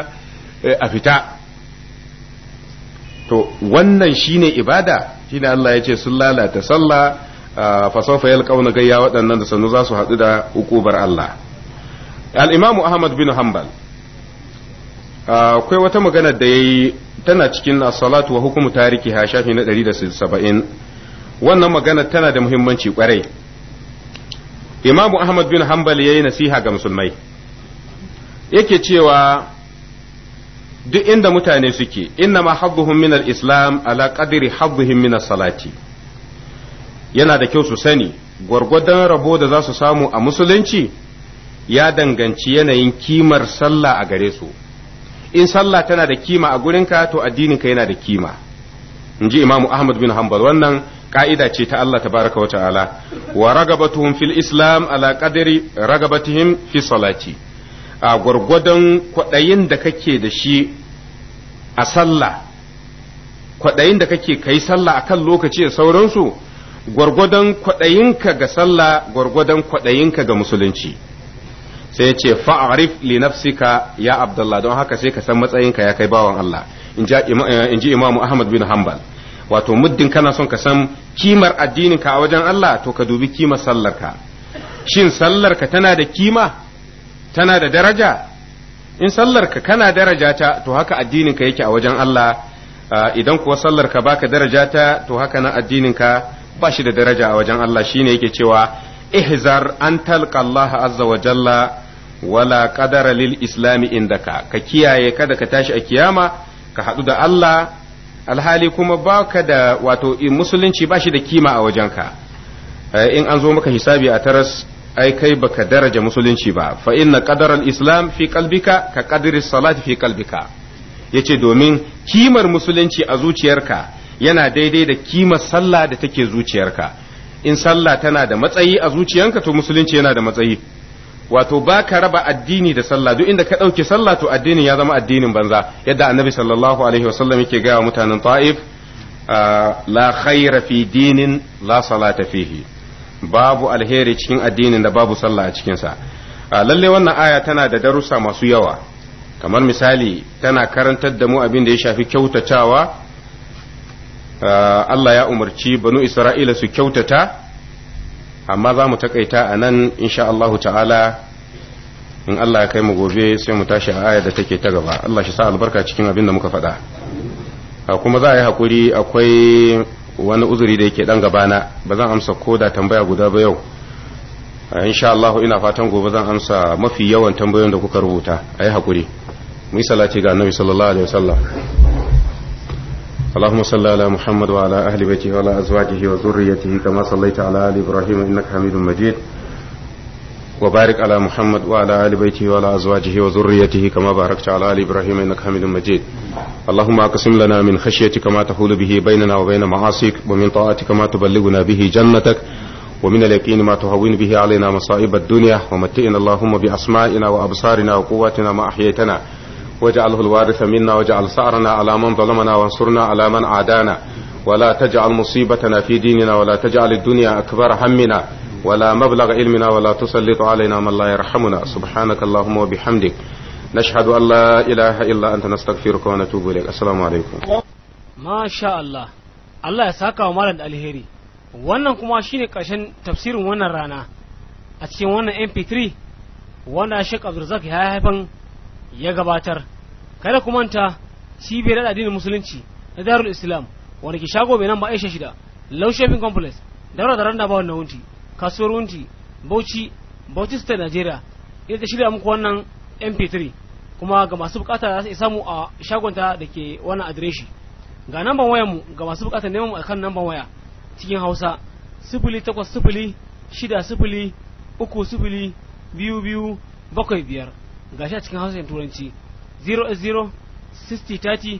Eh, a fita to wannan shine ibada shine Allah ya ce sun lalata sallah fasofa yalqauna gayya waɗannan da sannu za su haɗu da ukubar Allah al Ahmad bin Hanbal akwai wata magana da yayi tana cikin as-salatu wa hukumu ha shafi na 170 wannan magana tana da muhimmanci kwarai imamu Ahmad bin Hanbal yi nasiha ga musulmai yake cewa duk inda mutane suke inna ma habbuhum islam ala qadri habbuhum salati yana da kyau su sani gwargwadon rabo da za su samu a musulunci ya danganci yanayin kimar sallah a gare su in sallah tana da kima a gurinka to addininka yana da kima in ji imamu ahmad bin hanbal wannan ka'ida ce ta Allah tabaraka wa ta'ala wa ragabatuhum fil islam ala qadri ragabatihim fi salati a gwargwadon kwaɗayin da kake da shi a sallah kwaɗayin da kake kai sallah akan lokaci da sauransu gwargwadon kwaɗayinka ga sallah gwargwadon kwaɗayinka ga musulunci sai ce fa'arif li ya abdullah don haka sai ka san matsayinka ya kai bawan Allah eh, in ji imamu ahmad bin hanbal wato muddin kana son ka san kimar addininka a wajen Allah to ka dubi kimar sallarka shin sallarka tana da kima tana da daraja in sallarka kana daraja ta to haka addininka yake a wajen Allah ah, idan kuwa sallarka baka daraja ta to haka nan addininka ba shi da daraja a wajen Allah shine yake cewa ihzar an talqa Allah azza wa jalla wala qadara lil islami indaka ka kiyaye kada ka tashi a kiyama ka haɗu da Allah alhali kuma baka da wato musulunci ba shi da kima a wajenka eh, in an zo maka hisabi a taras ai kai baka daraja musulunci ba fa inna qadaral islam fi qalbika ka qadri salati fi qalbika yace domin kimar musulunci a zuciyarka yana daidai da kimar sallah da take zuciyarka in sallah tana da matsayi a zuciyanka to musulunci yana da matsayi wato ba ka raba addini da sallah duk inda ka ɗauke sallah to addinin ya zama addinin banza yadda annabi sallallahu alaihi wasallam yake gaya wa mutanen ta'if ah, la khaira fi dinin la salata fihi babu alheri cikin addinin da babu sallah a cikinsa lalle wannan aya tana da darussa masu yawa kamar misali tana karantar da mu abin da ya shafi kyautatawa Allah ya umarci banu Isra'ila su kyautata amma za mu takaita a nan insha ta'ala in Allah ya kai mu gobe sai mu tashi a aya da take ta gaba Allah shi sa albarka cikin abin da muka faɗa kuma za a yi haƙuri akwai wani uzuri da yake dan gabana ba zan amsa ko da tambaya guda ba yau insha Allah ina fatan gobe zan amsa mafi yawan tambayoyin da kuka rubuta ayi hakuri mu yi salati ga annabi sallallahu alaihi wasallam اللهم صل على محمد وعلى أهل بيته وعلى أزواجه وذريته كما صليت على آل إبراهيم إنك حميد مجيد وبارك على محمد وعلى آل بيته وعلى أزواجه وذريته كما باركت على آل إبراهيم إنك حميد مجيد اللهم أقسم لنا من خشيتك ما تحول به بيننا وبين معاصيك ومن طاعتك ما تبلغنا به جنتك ومن اليقين ما تهون به علينا مصائب الدنيا ومتئنا اللهم بأسمائنا وأبصارنا وقواتنا ما أحييتنا واجعله الوارث منا واجعل سعرنا على من ظلمنا وانصرنا على من عادانا ولا تجعل مصيبتنا في ديننا ولا تجعل الدنيا أكبر همنا ولا مبلغ علمنا ولا تسلط علينا من لا يرحمنا سبحانك اللهم وبحمدك نشهد أن لا إله إلا أنت نستغفرك ونتوب إليك السلام عليكم ما شاء الله الله يساك ومالد الهيري wannan kuma shine ƙarshen tafsirin wannan rana a cikin wannan mp3 wanda Sheikh Abdulrazak ya haifan ya gabatar kada ku manta cibiyar addinin musulunci na Darul Islam wanda ke shago mai nan ba Aisha shida Low Shopping Complex daura da randa ba wannan wunti kasuwar wunti bauchi bauchi state nigeria ita ta shirya muku wannan mp3 kuma ga masu bukata za su isa mu a shagonta da ke wannan adireshi ga namban wayar mu ga masu bukata neman mu akan namban waya cikin hausa sifili takwas sifili shida sifili uku sifili biyu biyu bakwai biyar ga shi a cikin hausa turanci 0 0 60 30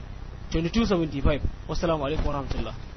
22 75 wasu alaikum warahmatullahi